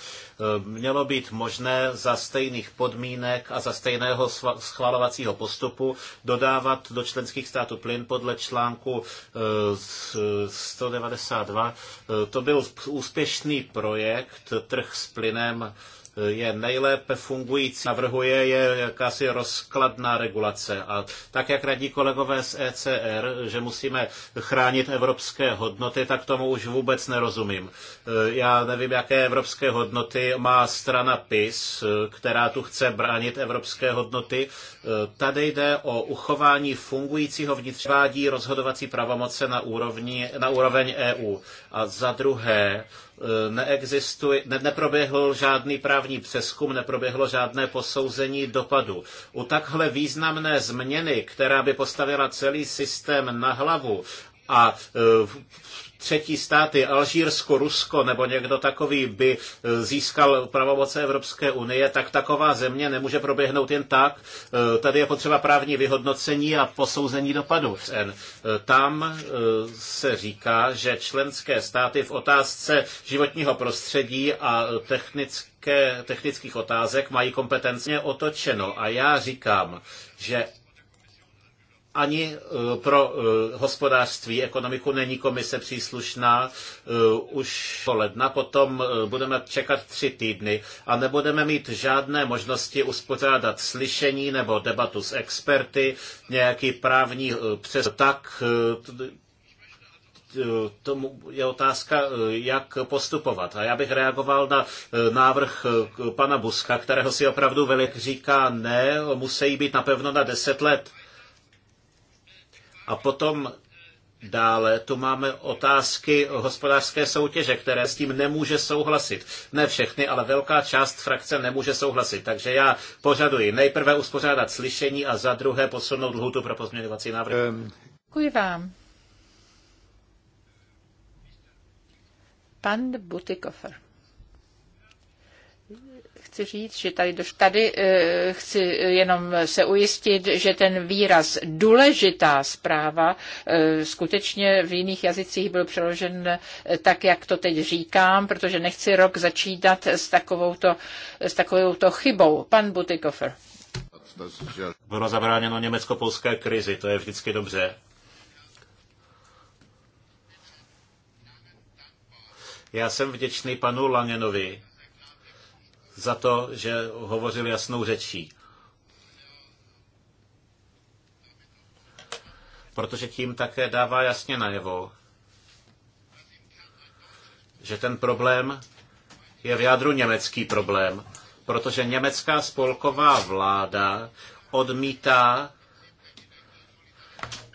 mělo být možné za stejných podmínek a za stejného schvalovacího postupu dodávat do členských států plyn podle článku 192. E, to byl úspěšný projekt, trh s plynem je nejlépe fungující, navrhuje, je jakási rozkladná regulace. A tak, jak radí kolegové z ECR, že musíme chránit evropské hodnoty, tak tomu už vůbec nerozumím. E, já nevím, jaké evropské hodnoty má strana PIS, e, která tu chce bránit evropské hodnoty. E, tady jde o uchování fungujícího vnitřního rozhodovací pravomoce na, úrovni, na úroveň EU. A za druhé, Eh, neexistuje, ne, neproběhl žádný právní přeskum, neproběhlo žádné posouzení dopadu. U takhle významné změny, která by postavila celý systém na hlavu a eh, třetí státy, Alžírsko, Rusko nebo někdo takový by e, získal pravomoce Evropské unie, tak taková země nemůže proběhnout jen tak. E, tady je potřeba právní vyhodnocení a posouzení dopadu. E, tam se říká, že členské státy v otázce životního prostředí a technické technických otázek mají kompetencně otočeno. A já říkám, že ani e, pro e, hospodářství, ekonomiku není komise příslušná e, už ledna, potom budeme čekat tři týdny a nebudeme mít žádné možnosti uspořádat slyšení nebo debatu s experty, nějaký právní přes tak tomu je otázka, jak postupovat. A já bych reagoval na návrh pana Buska, kterého si opravdu velik říká, ne, musí být napevno na deset let. A potom Dále tu máme otázky hospodářské soutěže, které s tím nemůže souhlasit. Ne všechny, ale velká část frakce nemůže souhlasit. Takže já požaduji nejprve uspořádat slyšení a za druhé posunout lhutu pro pozměňovací návrh. Um. Děkuji vám. Pan Butikofer chci říct, že tady, tady e, chci jenom se ujistit, že ten výraz důležitá zpráva e, skutečně v jiných jazycích byl přeložen eh, tak, jak to teď říkám, protože nechci rok začítat s takovouto, s takovouto chybou. Pan Butikofer. Bylo zabráněno německo-polské krizi, to je vždycky dobře. Já jsem vděčný panu Langenovi za to, že hovořil jasnou řečí. Protože tím také dává jasně najevo, že ten problém je v jádru německý problém, protože německá spolková vláda odmítá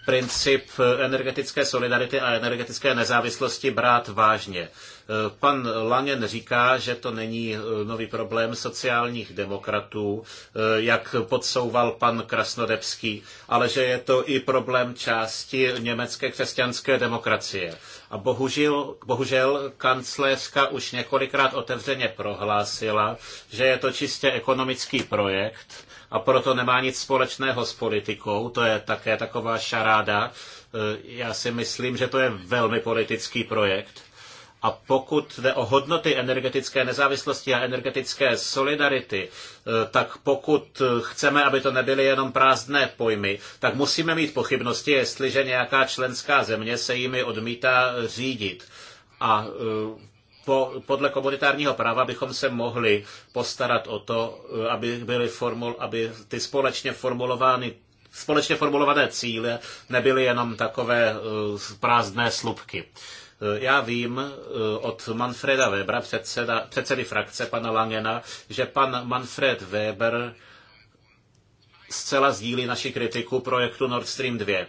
princip energetické solidarity a energetické nezávislosti brát vážně. Eh, pan Langen říká, že to není eh, nový problém sociálních demokratů, eh, jak podsouval pan Krasnodebský, ale že je to i problém části německé křesťanské demokracie. A bohužel, bohužel kancléřka už několikrát otevřeně prohlásila, že je to čistě ekonomický projekt a proto nemá nic společného s politikou. To je také taková šaráda. Já si myslím, že to je velmi politický projekt. A pokud jde o hodnoty energetické nezávislosti a energetické solidarity, eh, tak pokud chceme, aby to nebyly jenom prázdné pojmy, tak musíme mít pochybnosti, jestliže nějaká členská země se jimi odmítá řídit. A eh, po, podle komunitárního práva bychom se mohli postarat o to, eh, aby, byly formul, aby ty společně formulovány společně formulované cíle nebyly jenom takové prázdné slupky. Eh, já vím eh, od Manfreda Webera, předseda, předsedy frakce pana Langena, že pan Manfred Weber zcela sdílí naši kritiku projektu Nord Stream 2.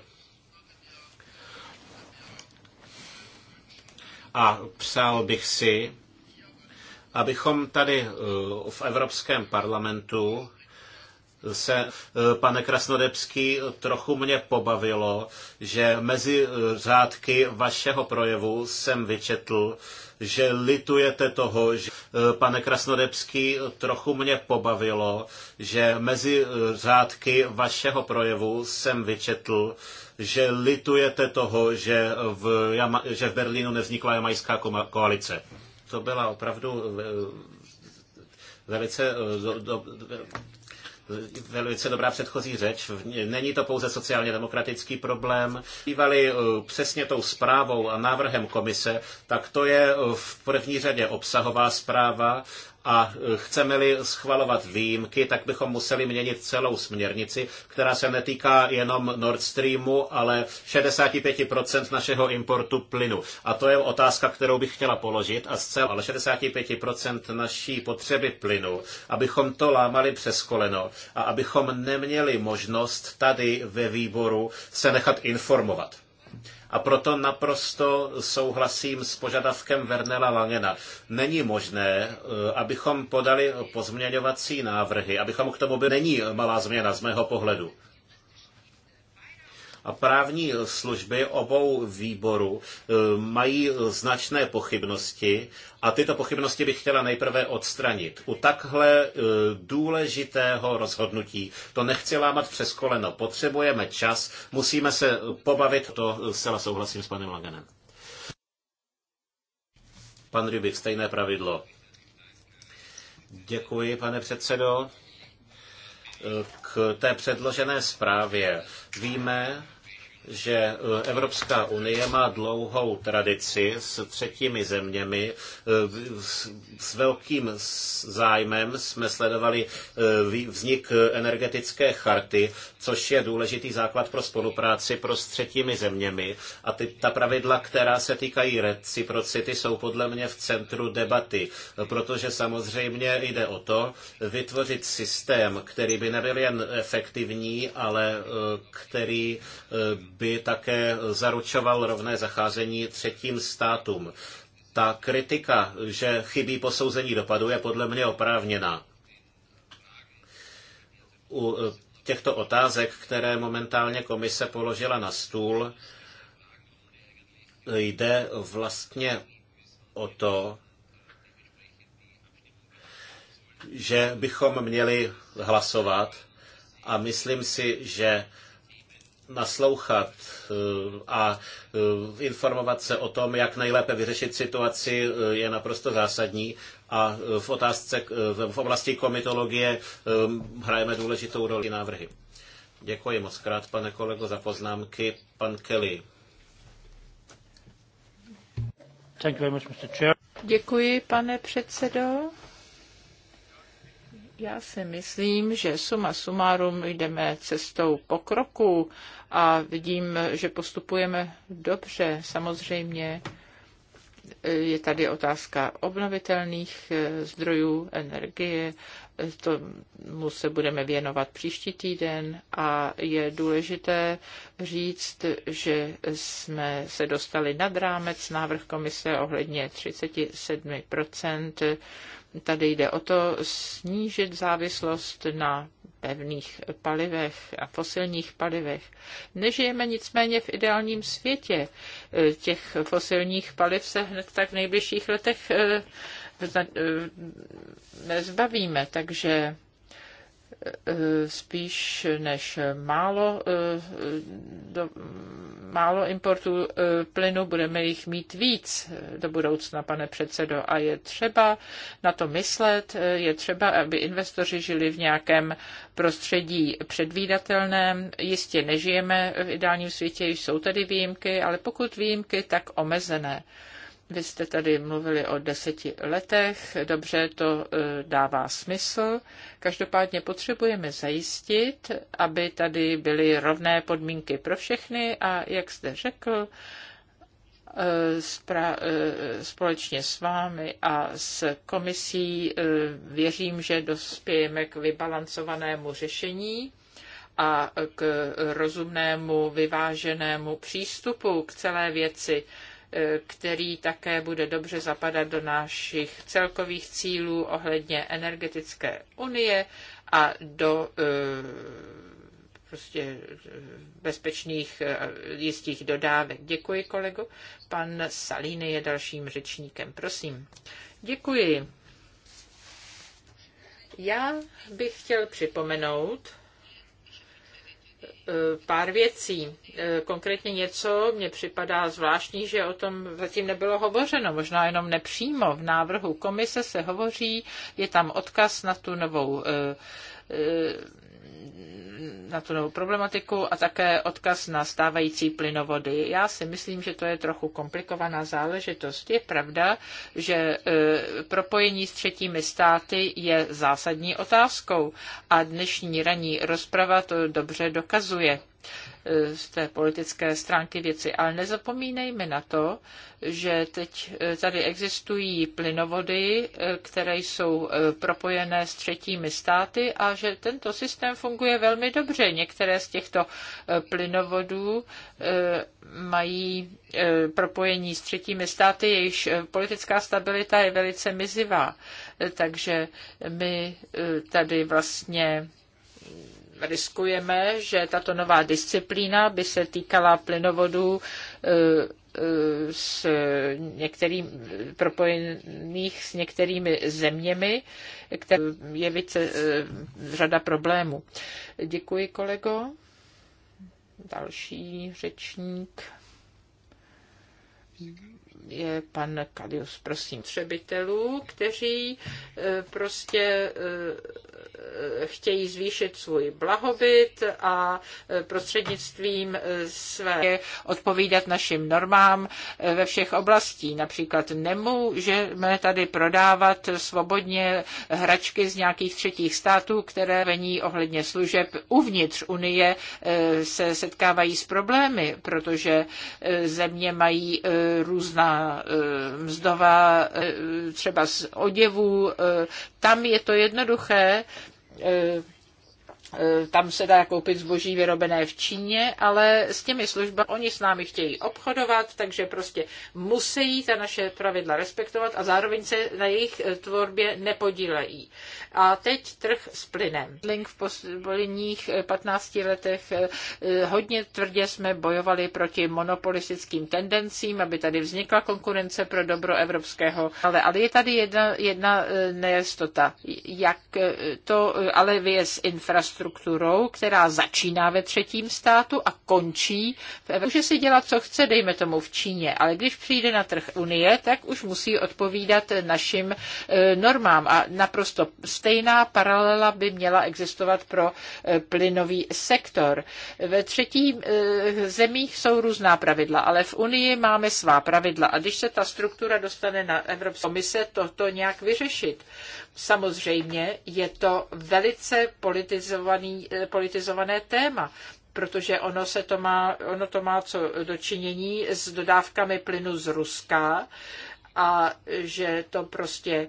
A přál bych si, abychom tady eh, v Evropském parlamentu se, eh, pane Krasnodebský, trochu mě pobavilo, že mezi eh, řádky vašeho projevu jsem vyčetl, že litujete toho, že eh, pane Krasnodebský, trochu mě pobavilo, že mezi řádky vašeho projevu jsem vyčetl, že litujete toho, že v, Jama, že v Berlínu nevznikla jamajská koalice. To byla opravdu velice do, do, velice dobrá předchozí řeč. Není to pouze sociálně demokratický problém. Bývali eh, přesně tou zprávou a návrhem komise, tak to je eh, v první řadě obsahová zpráva a e, chceme-li schvalovat výjimky, tak bychom museli měnit celou směrnici, která se netýká jenom Nord Streamu, ale 65% našeho importu plynu. A to je otázka, kterou bych chtěla položit a zcela, ale 65% naší potřeby plynu, abychom to lámali přes koleno a abychom neměli možnost tady ve výboru se nechat informovat. A proto naprosto souhlasím s požadavkem Vernela Langena. Není možné, eh, abychom podali pozměňovací návrhy, abychom k tomu byli. Není malá změna z mého pohledu. A právní služby obou výborů e, mají značné pochybnosti a tyto pochybnosti bych chtěla nejprve odstranit. U takhle e, důležitého rozhodnutí to nechci lámat přes koleno. Potřebujeme čas, musíme se pobavit. To zcela souhlasím s panem Langenem. Pan Rybik, stejné pravidlo. Děkuji, pane předsedo. K té předložené zprávě víme, že e, Evropská unie má dlouhou tradici s třetími zeměmi. E, s velkým zájmem jsme sledovali e, vznik energetické charty, což je důležitý základ pro spolupráci pro s třetími zeměmi. A ty, ta pravidla, která se týkají reciprocity, jsou podle mě v centru debaty, protože samozřejmě jde o to vytvořit systém, který by nebyl jen efektivní, ale který by také zaručoval rovné zacházení třetím státům. Ta kritika, že chybí posouzení dopadu, je podle mě oprávněná. U e, těchto otázek, které momentálně komise položila na stůl, jde vlastně o to, že bychom měli hlasovat a myslím si, že naslouchat eh, a eh, informovat se o tom, jak nejlépe vyřešit situaci, eh, je naprosto zásadní. A v otázce, v oblasti komitologie hrajeme důležitou roli návrhy. Děkuji moc krát, pane kolego, za poznámky. Pan Kelly. Děkuji, pane předsedo. Já si myslím, že suma sumárum jdeme cestou pokroku a vidím, že postupujeme dobře. Samozřejmě e, je tady otázka obnovitelných e, zdrojů energie, e, tomu se budeme věnovat příští týden a je důležité říct, že jsme se dostali nad rámec návrh komise ohledně 37%. Tady jde o to snížit závislost na pevných palivech a fosilních palivech. Nežijeme nicméně v ideálním světě. Těch fosilních paliv se hned tak v nejbližších letech eh, eh, nezbavíme, takže Eh, spíš než málo, eh, do, málo importu eh, plynu, budeme jich mít víc do budoucna, pane předsedo. A je třeba na to myslet, je třeba, aby investoři žili v nějakém prostředí předvídatelném. Jistě nežijeme v ideálním světě, jsou tady výjimky, ale pokud výjimky, tak omezené. Vy jste tady mluvili o deseti letech, dobře, to e, dává smysl. Každopádně potřebujeme zajistit, aby tady byly rovné podmínky pro všechny a, jak jste řekl, e, e, společně s vámi a s komisí věřím, že dospějeme k vybalancovanému řešení a k rozumnému, vyváženému přístupu k celé věci E, který také bude dobře zapadat do našich celkových cílů ohledně energetické unie a do e, prostě e, bezpečných jistých dodávek. Děkuji kolego. Pan Salíny je dalším řečníkem. Prosím. Děkuji. Já bych chtěl připomenout, Eh, pár věcí. Eh, konkrétně něco mně připadá zvláštní, že o tom zatím nebylo hovořeno, možná jenom nepřímo. V návrhu komise se hovoří, je tam odkaz na tu novou eh, na tu novou problematiku a také odkaz na stávající plynovody. Já si myslím, že to je trochu komplikovaná záležitost. Je pravda, že e, propojení s třetími státy je zásadní otázkou a dnešní ranní rozprava to dobře dokazuje z té politické stránky věci. Ale nezapomínejme na to, že teď eh, tady existují plynovody, eh, které jsou eh, propojené s třetími státy a že tento systém funguje velmi dobře. Některé z těchto plynovodů mají propojení s třetími státy, jejichž politická stabilita je velice mizivá. Takže my tady vlastně riskujeme, že tato nová disciplína by se týkala plynovodů eh, eh, s některým, propojených s některými zeměmi, které je více eh, řada problémů. Děkuji, kolego. Další řečník je pan Kadius, prosím, třebitelů, kteří e, prostě e, chtějí zvýšit svůj blahobyt a e, prostřednictvím své odpovídat našim normám ve všech oblastí. Například nemůžeme tady prodávat svobodně hračky z nějakých třetích států, které vení ohledně služeb uvnitř Unie se setkávají s problémy, protože země mají různá Eh, mzdová eh, třeba z oděvů, eh, tam je to jednoduché Eh, tam se dá koupit zboží vyrobené v Číně, ale s těmi službami oni s námi chtějí obchodovat, takže prostě musí ta naše pravidla respektovat a zároveň se na jejich eh, tvorbě nepodílejí. A teď trh s plynem. Link v posledních 15 eh, letech hodně tvrdě jsme bojovali proti monopolistickým tendencím, aby tady vznikla konkurence pro dobro evropského. Ale, ale je tady jedna, jedna nejistota. Jak to ale vy z infrastruktury strukturou, která začíná ve třetím státu a končí v Evropě. Může si dělat, co chce, dejme tomu v Číně, ale když přijde na trh Unie, tak už musí odpovídat našim eh, normám. A naprosto stejná paralela by měla existovat pro eh, plynový sektor. Ve třetím eh, zemích jsou různá pravidla, ale v Unii máme svá pravidla. A když se ta struktura dostane na Evropskou komise, to, to nějak vyřešit. Samozřejmě je to velice politizovaný, eh, politizované téma protože ono, se to má, ono to má co dočinění s dodávkami plynu z Ruska a že to prostě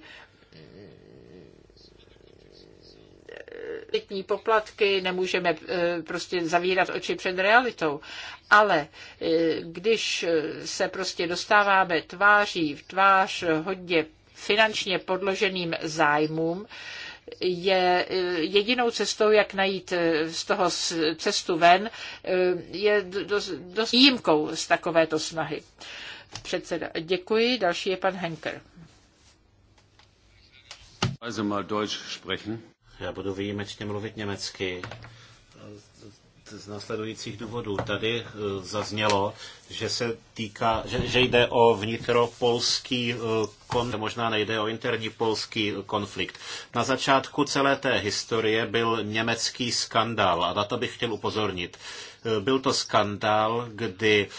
kvalitní eh, eh, poplatky, nemůžeme prostě zavírat oči před realitou. Ale když se prostě dostáváme tváří v tvář hodně finančně podloženým zájmům, je eh, jedinou cestou, jak najít eh, z toho cestu ven, eh, je dost, dost výjimkou z takovéto snahy. Předseda, děkuji. Další je pan Henker. Also mal Deutsch sprechen. Já budu výjimečně mluvit německy z následujících důvodů. Tady zaznělo, že se týká, že, že jde o vnitropolský eh, konflikt, možná nejde o interní polský eh, konflikt. Na začátku celé té historie byl německý skandál a na to bych chtěl upozornit. Eh, byl to skandál, kdy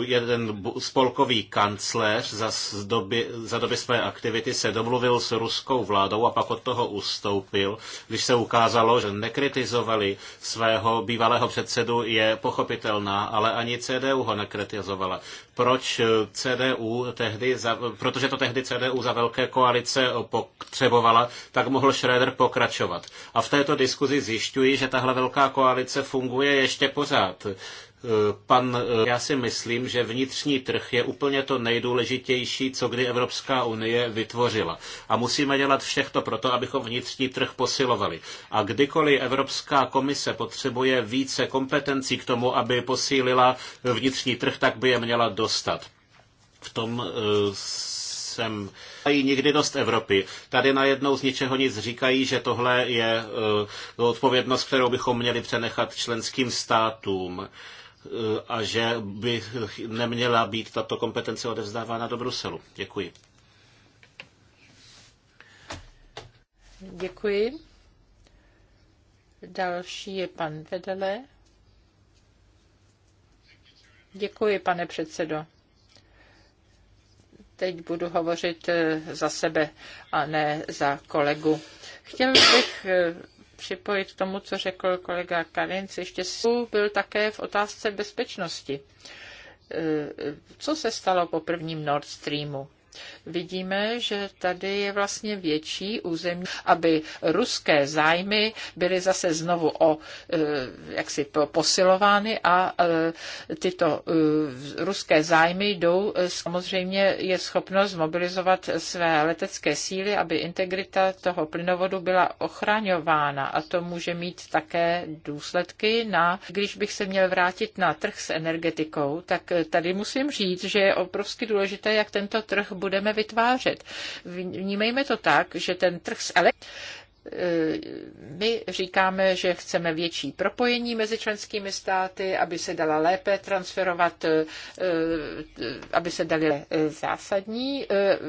jeden spolkový kancléř za doby, za doby své aktivity se domluvil s ruskou vládou a pak od toho ustoupil. Když se ukázalo, že nekritizovali svého bývalého předsedu, je pochopitelná, ale ani CDU ho nekritizovali konkretizovala. Proč eh, CDU tehdy, za, protože to tehdy CDU za velké koalice eh, potřebovala, tak mohl Schröder pokračovat. A v této diskuzi zjišťuji, že tahle velká koalice funguje ještě pořád. Eh, pan, eh, já si myslím, že vnitřní trh je úplně to nejdůležitější, co kdy Evropská unie vytvořila. A musíme dělat všechno to, abychom vnitřní trh posilovali. A kdykoliv Evropská komise potřebuje více kompetencí k tomu, aby posílila vnitřní trh, tak by je měla dostat. V tom eh, jsem i nikdy dost Evropy. Tady najednou z ničeho nic říkají, že tohle je odpovědnost, kterou bychom měli přenechat členským státům. Eh, a že by neměla být tato kompetence odevzdávána do Bruselu. Děkuji. Děkuji. Další je pan Vedele. Děkuji, pane předsedo. Teď budu hovořit eh, za sebe a ne za kolegu. Chtěl bych eh, připojit k tomu, co řekl kolega Karinc. Ještě byl také v otázce bezpečnosti. E, e, co se stalo po prvním Nord Streamu? vidíme, že tady je vlastně větší území, aby ruské zájmy byly zase znovu o, eh, jaksi posilovány a eh, tyto eh, ruské zájmy jdou, samozřejmě je schopnost mobilizovat své letecké síly, aby integrita toho plynovodu byla ochraňována a to může mít také důsledky na, když bych se měl vrátit na trh s energetikou, tak tady musím říct, že je obrovsky důležité, jak tento trh bude budeme vytvářet. Vnímejme to tak, že ten trh s elektronikou Eh, my říkáme, že chceme větší propojení mezi členskými státy, aby se dala lépe transferovat, eh, eh, aby se dali zásadní.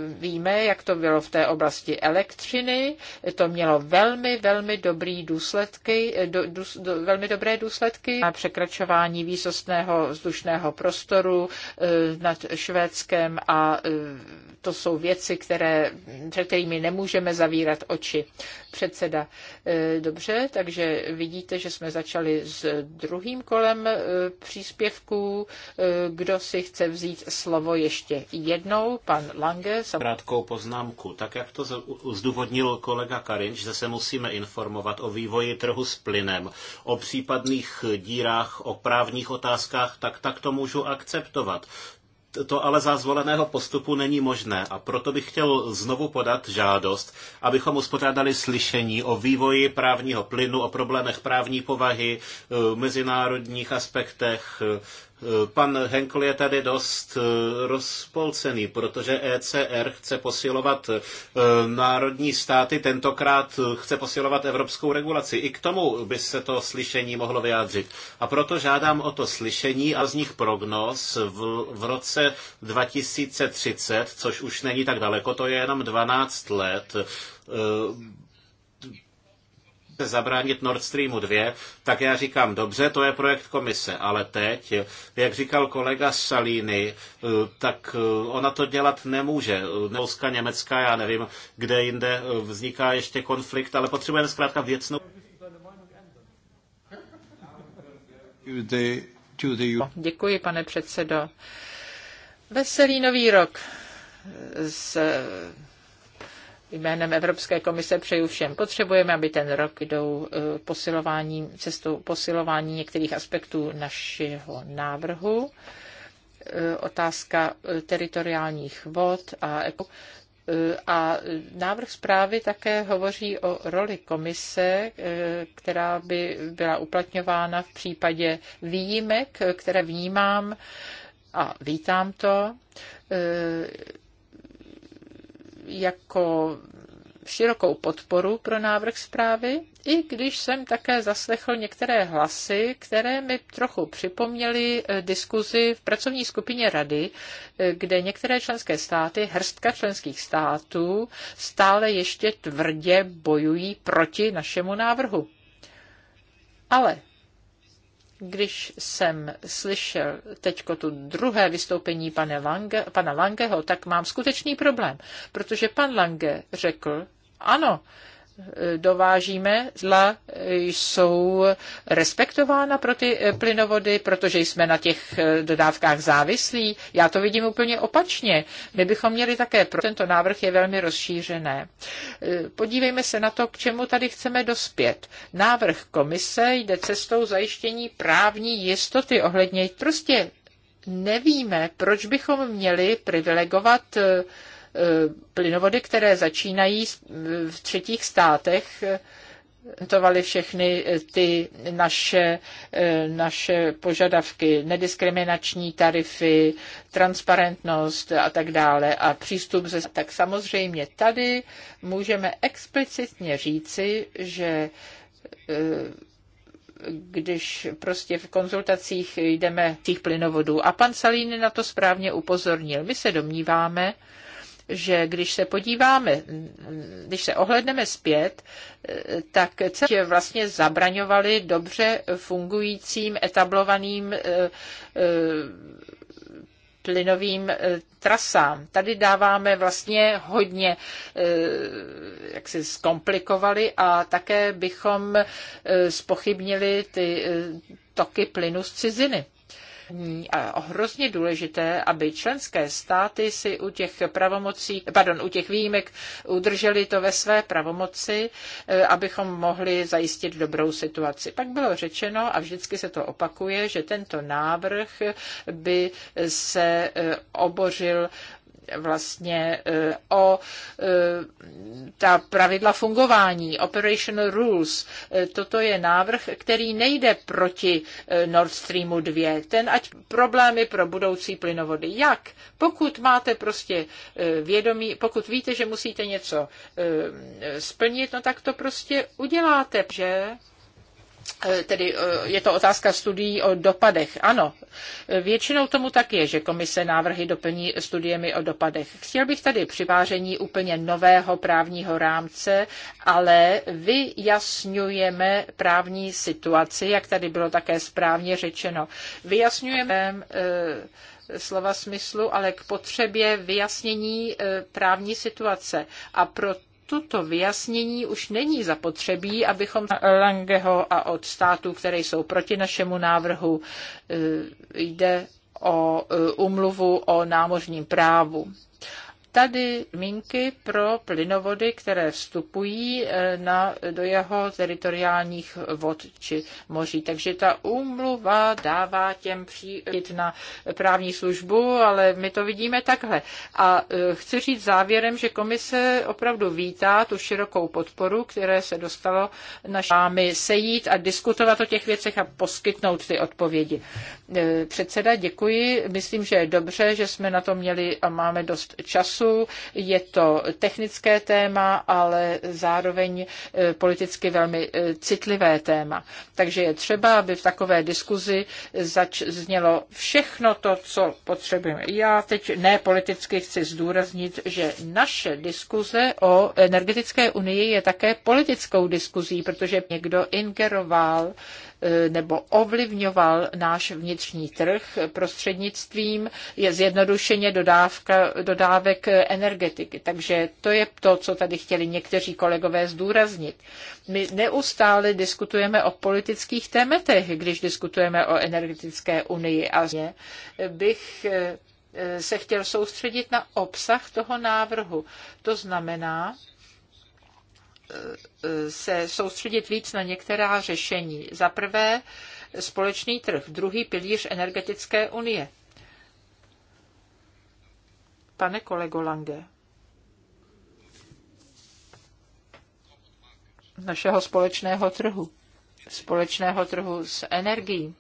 Víme, jak to bylo v té oblasti elektřiny. To mělo velmi, velmi dobrý důsledky, do, do, do, velmi dobré důsledky na překračování výsostného vzdušného prostoru nad Švédskem a to jsou věci, které, před kterými nemůžeme zavírat oči. Před předseda. Eh, dobře, takže vidíte, že jsme začali s druhým kolem eh, příspěvků. Eh, kdo si chce vzít slovo ještě jednou? Pan Lange. Sam... Krátkou poznámku. Tak jak to zdůvodnil kolega Karinč, že se musíme informovat o vývoji trhu s plynem, o případných dírách, o právních otázkách, tak tak to můžu akceptovat to ale za zvoleného postupu není možné a proto bych chtěl znovu podat žádost, abychom uspořádali slyšení o vývoji právního plynu, o problémech právní povahy, eh, mezinárodních aspektech, Pan Henkel je tady dost eh, rozpolcený, protože ECR chce posilovat eh, národní státy, tentokrát eh, chce posilovat evropskou regulaci. I k tomu by se to slyšení mohlo vyjádřit. A proto žádám o to slyšení a z nich prognóz v, v roce 2030, což už není tak daleko, to je jenom 12 let zabránit Nord Streamu 2, tak já říkám, dobře, to je projekt komise, ale teď, jak říkal kolega Salini, eh, tak eh, ona to dělat nemůže. Eh, Polska, Německa, já nevím, kde jinde vzniká ještě konflikt, ale potřebujeme zkrátka věcnou... Děkuji, pane předsedo. Veselý nový rok jménem Evropské komise přeju všem. Potřebujeme, aby ten rok jdou eh, posilování, cestou posilování některých aspektů našeho návrhu. Eh, otázka eh, teritoriálních vod a eko. A návrh zprávy také hovoří o roli komise, která by byla uplatňována v případě výjimek, které vnímám a vítám to jako širokou podporu pro návrh zprávy, i když jsem také zaslechl některé hlasy, které mi trochu připomněly eh, diskuzi v pracovní skupině rady, eh, kde některé členské státy, hrstka členských států, stále ještě tvrdě bojují proti našemu návrhu. Ale když jsem slyšel teďko tu druhé vystoupení pane Lange, pana Langeho, tak mám skutečný problém, protože pan Lange řekl, ano, dovážíme zla, jsou respektována pro ty eh, plynovody, protože jsme na těch eh, dodávkách závislí. Já to vidím úplně opačně. My bychom měli také, pro tento návrh je velmi rozšířené. Eh, podívejme se na to, k čemu tady chceme dospět. Návrh komise jde cestou zajištění právní jistoty ohledně prostě nevíme, proč bychom měli privilegovat Eh, plynovody, které začínají v třetích státech, tovali všechny eh, ty naše, eh, naše požadavky, nediskriminační tarify, transparentnost a tak dále a přístup ze... Tak samozřejmě tady můžeme explicitně říci, že když prostě v konzultacích jdeme těch plynovodů. A pan Salín na to správně upozornil. My se domníváme, že když se podíváme, když se ohledneme zpět, tak celé vlastně zabraňovali dobře fungujícím etablovaným eh, eh, plynovým eh, trasám. Tady dáváme vlastně hodně, jak si zkomplikovali a také bychom spochybnili ty toky plynu z ciziny relevantní a hrozně důležité, aby členské státy si u těch pravomocí, pardon, u těch výjimek udrželi to ve své pravomoci, eh, abychom mohli zajistit dobrou situaci. Pak bylo řečeno, a vždycky se to opakuje, že tento návrh by se eh, obořil vlastně e, o e, ta pravidla fungování, operational rules. E, toto je návrh, který nejde proti Nord Streamu 2. Ten ať problémy pro budoucí plynovody. Jak? Pokud máte prostě vědomí, pokud víte, že musíte něco splnit, no tak to prostě uděláte, že? Eh, tedy eh, je to otázka studií o dopadech. Ano, eh, většinou tomu tak je, že komise návrhy doplní studiemi o dopadech. Chtěl bych tady přivážení úplně nového právního rámce, ale vyjasňujeme právní situaci, jak tady bylo také správně řečeno. Vyjasňujeme slova smyslu, ale k potřebě vyjasnění právní situace. A proto toto vyjasnění už není zapotřebí, abychom Langeho a od států, které jsou proti našemu návrhu, eh, jde o eh, umluvu o námořním právu tady mínky pro plynovody, které vstupují eh, na, do jeho teritoriálních vod či moří. Takže ta úmluva dává těm přijít na právní službu, ale my to vidíme takhle. A eh, chci říct závěrem, že komise opravdu vítá tu širokou podporu, které se dostalo našámi sejít a diskutovat o těch věcech a poskytnout ty odpovědi. Eh, předseda, děkuji. Myslím, že je dobře, že jsme na to měli a máme dost času konfliktu. Je to technické téma, ale zároveň e, politicky velmi e, citlivé téma. Takže je třeba, aby v takové diskuzi zač- znělo všechno to, co potřebujeme. Já teď ne politicky chci zdůraznit, že naše diskuze o energetické unii je také politickou diskuzí, protože někdo ingeroval Eh, nebo ovlivňoval náš vnitřní trh prostřednictvím je zjednodušeně dodávka, dodávek eh, energetiky. Takže to je to, co tady chtěli někteří kolegové zdůraznit. My neustále diskutujeme o politických tématech, když diskutujeme o energetické unii a bych eh, se chtěl soustředit na obsah toho návrhu. To znamená, se soustředit víc na některá řešení. Za prvé společný trh, druhý pilíř energetické unie. Pane kolego Lange, našeho společného trhu, společného trhu s energií.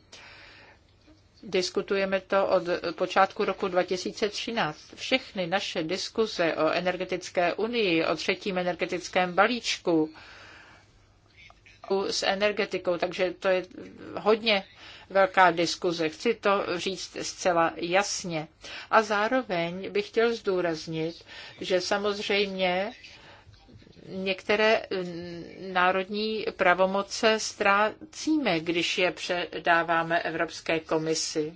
Diskutujeme to od počátku roku 2013. Všechny naše diskuze o energetické unii, o třetím energetickém balíčku, s energetikou, takže to je hodně velká diskuze. Chci to říct zcela jasně. A zároveň bych chtěl zdůraznit, že samozřejmě některé eh, národní pravomoce ztrácíme, když je předáváme Evropské komisi.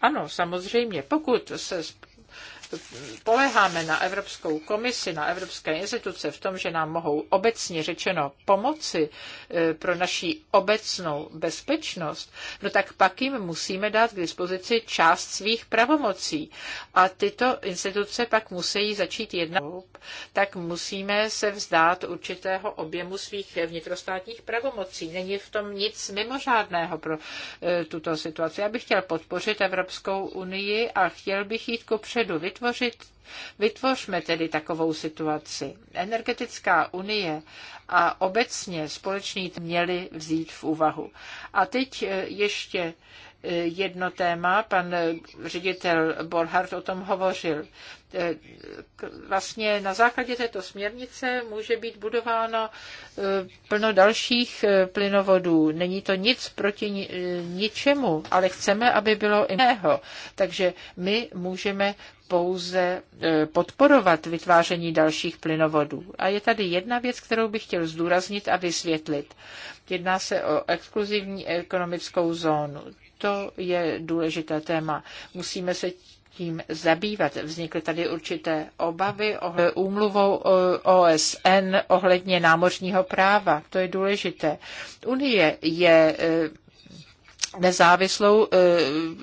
Ano, samozřejmě, pokud se poleháme na Evropskou komisi, na evropské instituce v tom, že nám mohou obecně řečeno pomoci e, pro naší obecnou bezpečnost, no tak pak jim musíme dát k dispozici část svých pravomocí. A tyto instituce pak musí začít jednat, tak musíme se vzdát určitého objemu svých vnitrostátních pravomocí. Není v tom nic mimořádného pro e, tuto situaci. Já bych chtěl podpořit Evropskou unii a chtěl bych jít ku předu vytvořit. Vytvořme tedy takovou situaci. Energetická unie a obecně společní měli vzít v úvahu. A teď eh, ještě eh, jedno téma, pan eh, ředitel Borhardt o tom hovořil. Vlastně na základě této směrnice může být budováno plno dalších plynovodů. Není to nic proti ničemu, ale chceme, aby bylo jiného. Takže my můžeme pouze e, podporovat vytváření dalších plynovodů. A je tady jedna věc, kterou bych chtěl zdůraznit a vysvětlit. Jedná se o exkluzivní ekonomickou zónu. To je důležité téma. Musíme se tím zabývat. Vznikly tady určité obavy o úmluvou OSN ohledně námořního práva. To je důležité. Unie je e, nezávislou e,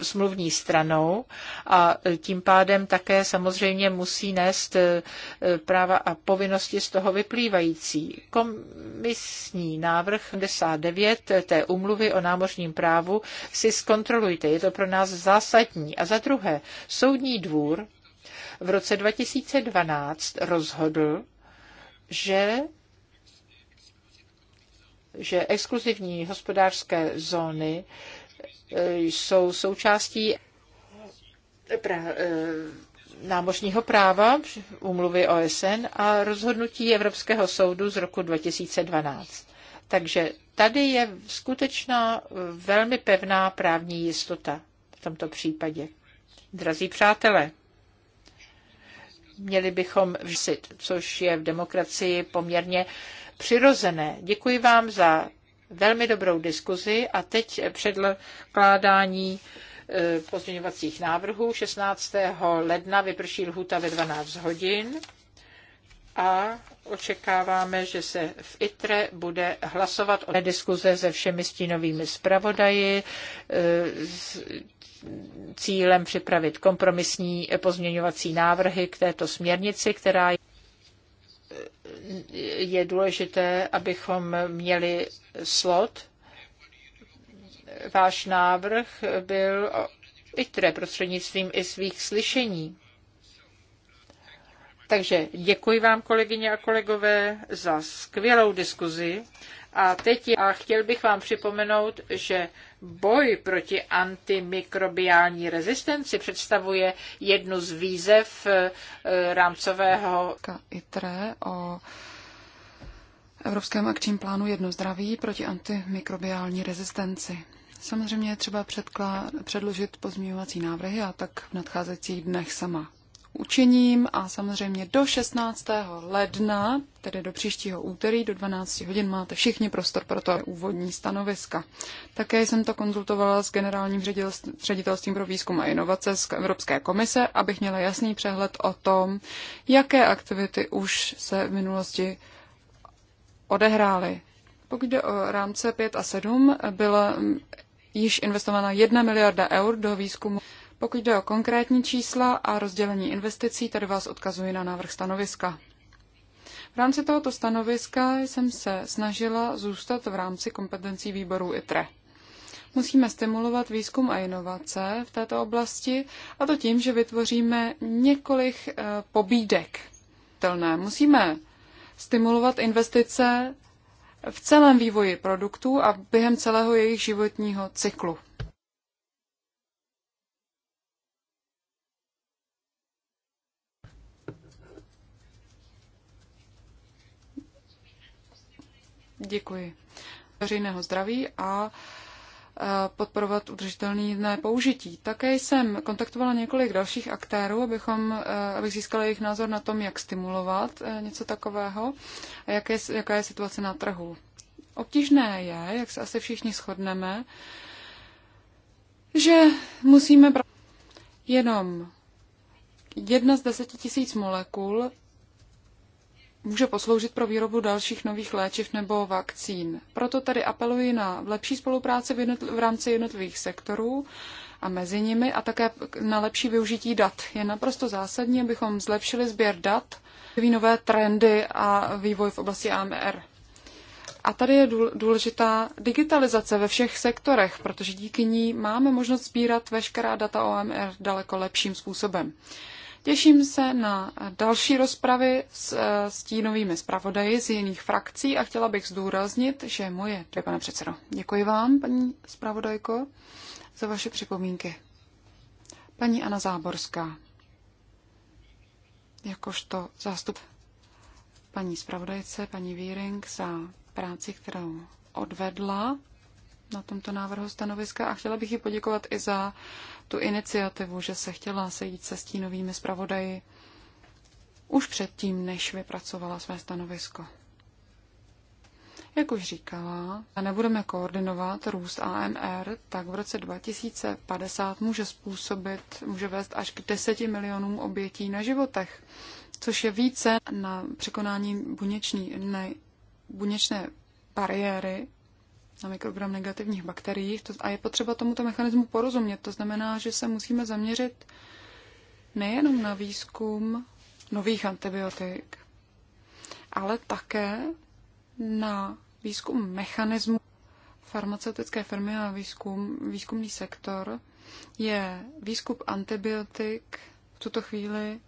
smluvní stranou a tím pádem také samozřejmě musí nést e, práva a povinnosti z toho vyplývající. Komisní návrh 79 té umluvy o námořním právu si zkontrolujte, je to pro nás zásadní. A za druhé, soudní dvůr v roce 2012 rozhodl, že že exkluzivní hospodářské zóny jsou součástí eh, námořního práva, úmluvy OSN a rozhodnutí Evropského soudu z roku 2012. Takže tady je skutečná eh, velmi pevná právní jistota v tomto případě. Drazí přátelé, měli bychom vždyť, což je v demokracii poměrně přirozené. Děkuji vám za velmi dobrou diskuzi a teď předkládání e, pozměňovacích návrhů. 16. ledna vyprší lhuta ve 12 hodin a očekáváme, že se v ITRE bude hlasovat o diskuze se všemi stínovými zpravodaji e, s cílem připravit kompromisní pozměňovací návrhy k této směrnici, která je je důležité, abychom měli slot. Váš návrh byl ITRE prostřednictvím i svých slyšení. Takže děkuji vám, kolegyně a kolegové, za skvělou diskuzi. A teď a chtěl bych vám připomenout, že Boj proti antimikrobiální rezistenci představuje jednu z výzev eh, rámcového ITRE o Evropském akčním plánu jedno zdraví proti antimikrobiální rezistenci. Samozřejmě je třeba předložit pozměňovací návrhy a tak v nadcházejících dnech sama učiním a samozřejmě do 16. ledna, tedy do příštího úterý, do 12 hodin máte všichni prostor pro to úvodní stanoviska. Také jsem to konzultovala s generálním ředitelstvím pro výzkum a inovace z Evropské komise, abych měla jasný přehled o tom, jaké aktivity už se v minulosti odehrály. Pokud jde o rámce 5 a 7, byla již investována 1 miliarda eur do výzkumu pokud jde o konkrétní čísla a rozdělení investicí, tady vás odkazuji na návrh stanoviska. V rámci tohoto stanoviska jsem se snažila zůstat v rámci kompetencí výboru ITRE. Musíme stimulovat výzkum a inovace v této oblasti, a to tím, že vytvoříme několik eh, pobídek. Musíme stimulovat investice v celém vývoji produktů a během celého jejich životního cyklu. děkuji, veřejného zdraví a podporovat udržitelné použití. Také jsem kontaktovala několik dalších aktérů, abychom, abych získala jejich názor na tom, jak stimulovat něco takového a je, jaká je situace na trhu. Obtížné je, jak se asi všichni shodneme, že musíme jenom jedna z deseti tisíc molekul může posloužit pro výrobu dalších nových léčiv nebo vakcín. Proto tady apeluji na lepší spolupráci v, jednotl- v rámci jednotlivých sektorů a mezi nimi a také na lepší využití dat. Je naprosto zásadní, abychom zlepšili sběr dat, nové trendy a vývoj v oblasti AMR. A tady je důležitá digitalizace ve všech sektorech, protože díky ní máme možnost sbírat veškerá data OMR daleko lepším způsobem. Těším se na další rozpravy s eh, stínovými zpravodaji z jiných frakcí a chtěla bych zdůraznit, že moje, pane předsedo, děkuji vám, paní zpravodajko, za vaše připomínky. Paní Anna Záborská, jakožto zástup paní zpravodajce, paní Víring, za práci, kterou odvedla na tomto návrhu stanoviska a chtěla bych ji poděkovat i za uh, tu iniciativu, že se chtěla sejít se stínovými zpravodaji už předtím, než vypracovala své stanovisko. Jak už říkala, a nebudeme koordinovat růst AMR, tak v roce 2050 může způsobit, může vést až k 10 milionům obětí na životech, což je více na překonání buněčný ne, buněčné bariéry na mikrogram negativních bakterií. a je potřeba tomuto mechanismu porozumět. To znamená, že se musíme zaměřit nejenom na výzkum nových antibiotik, ale také na výzkum mechanismu farmaceutické firmy a výzkum, výzkumný sektor je výzkum antibiotik v tuto chvíli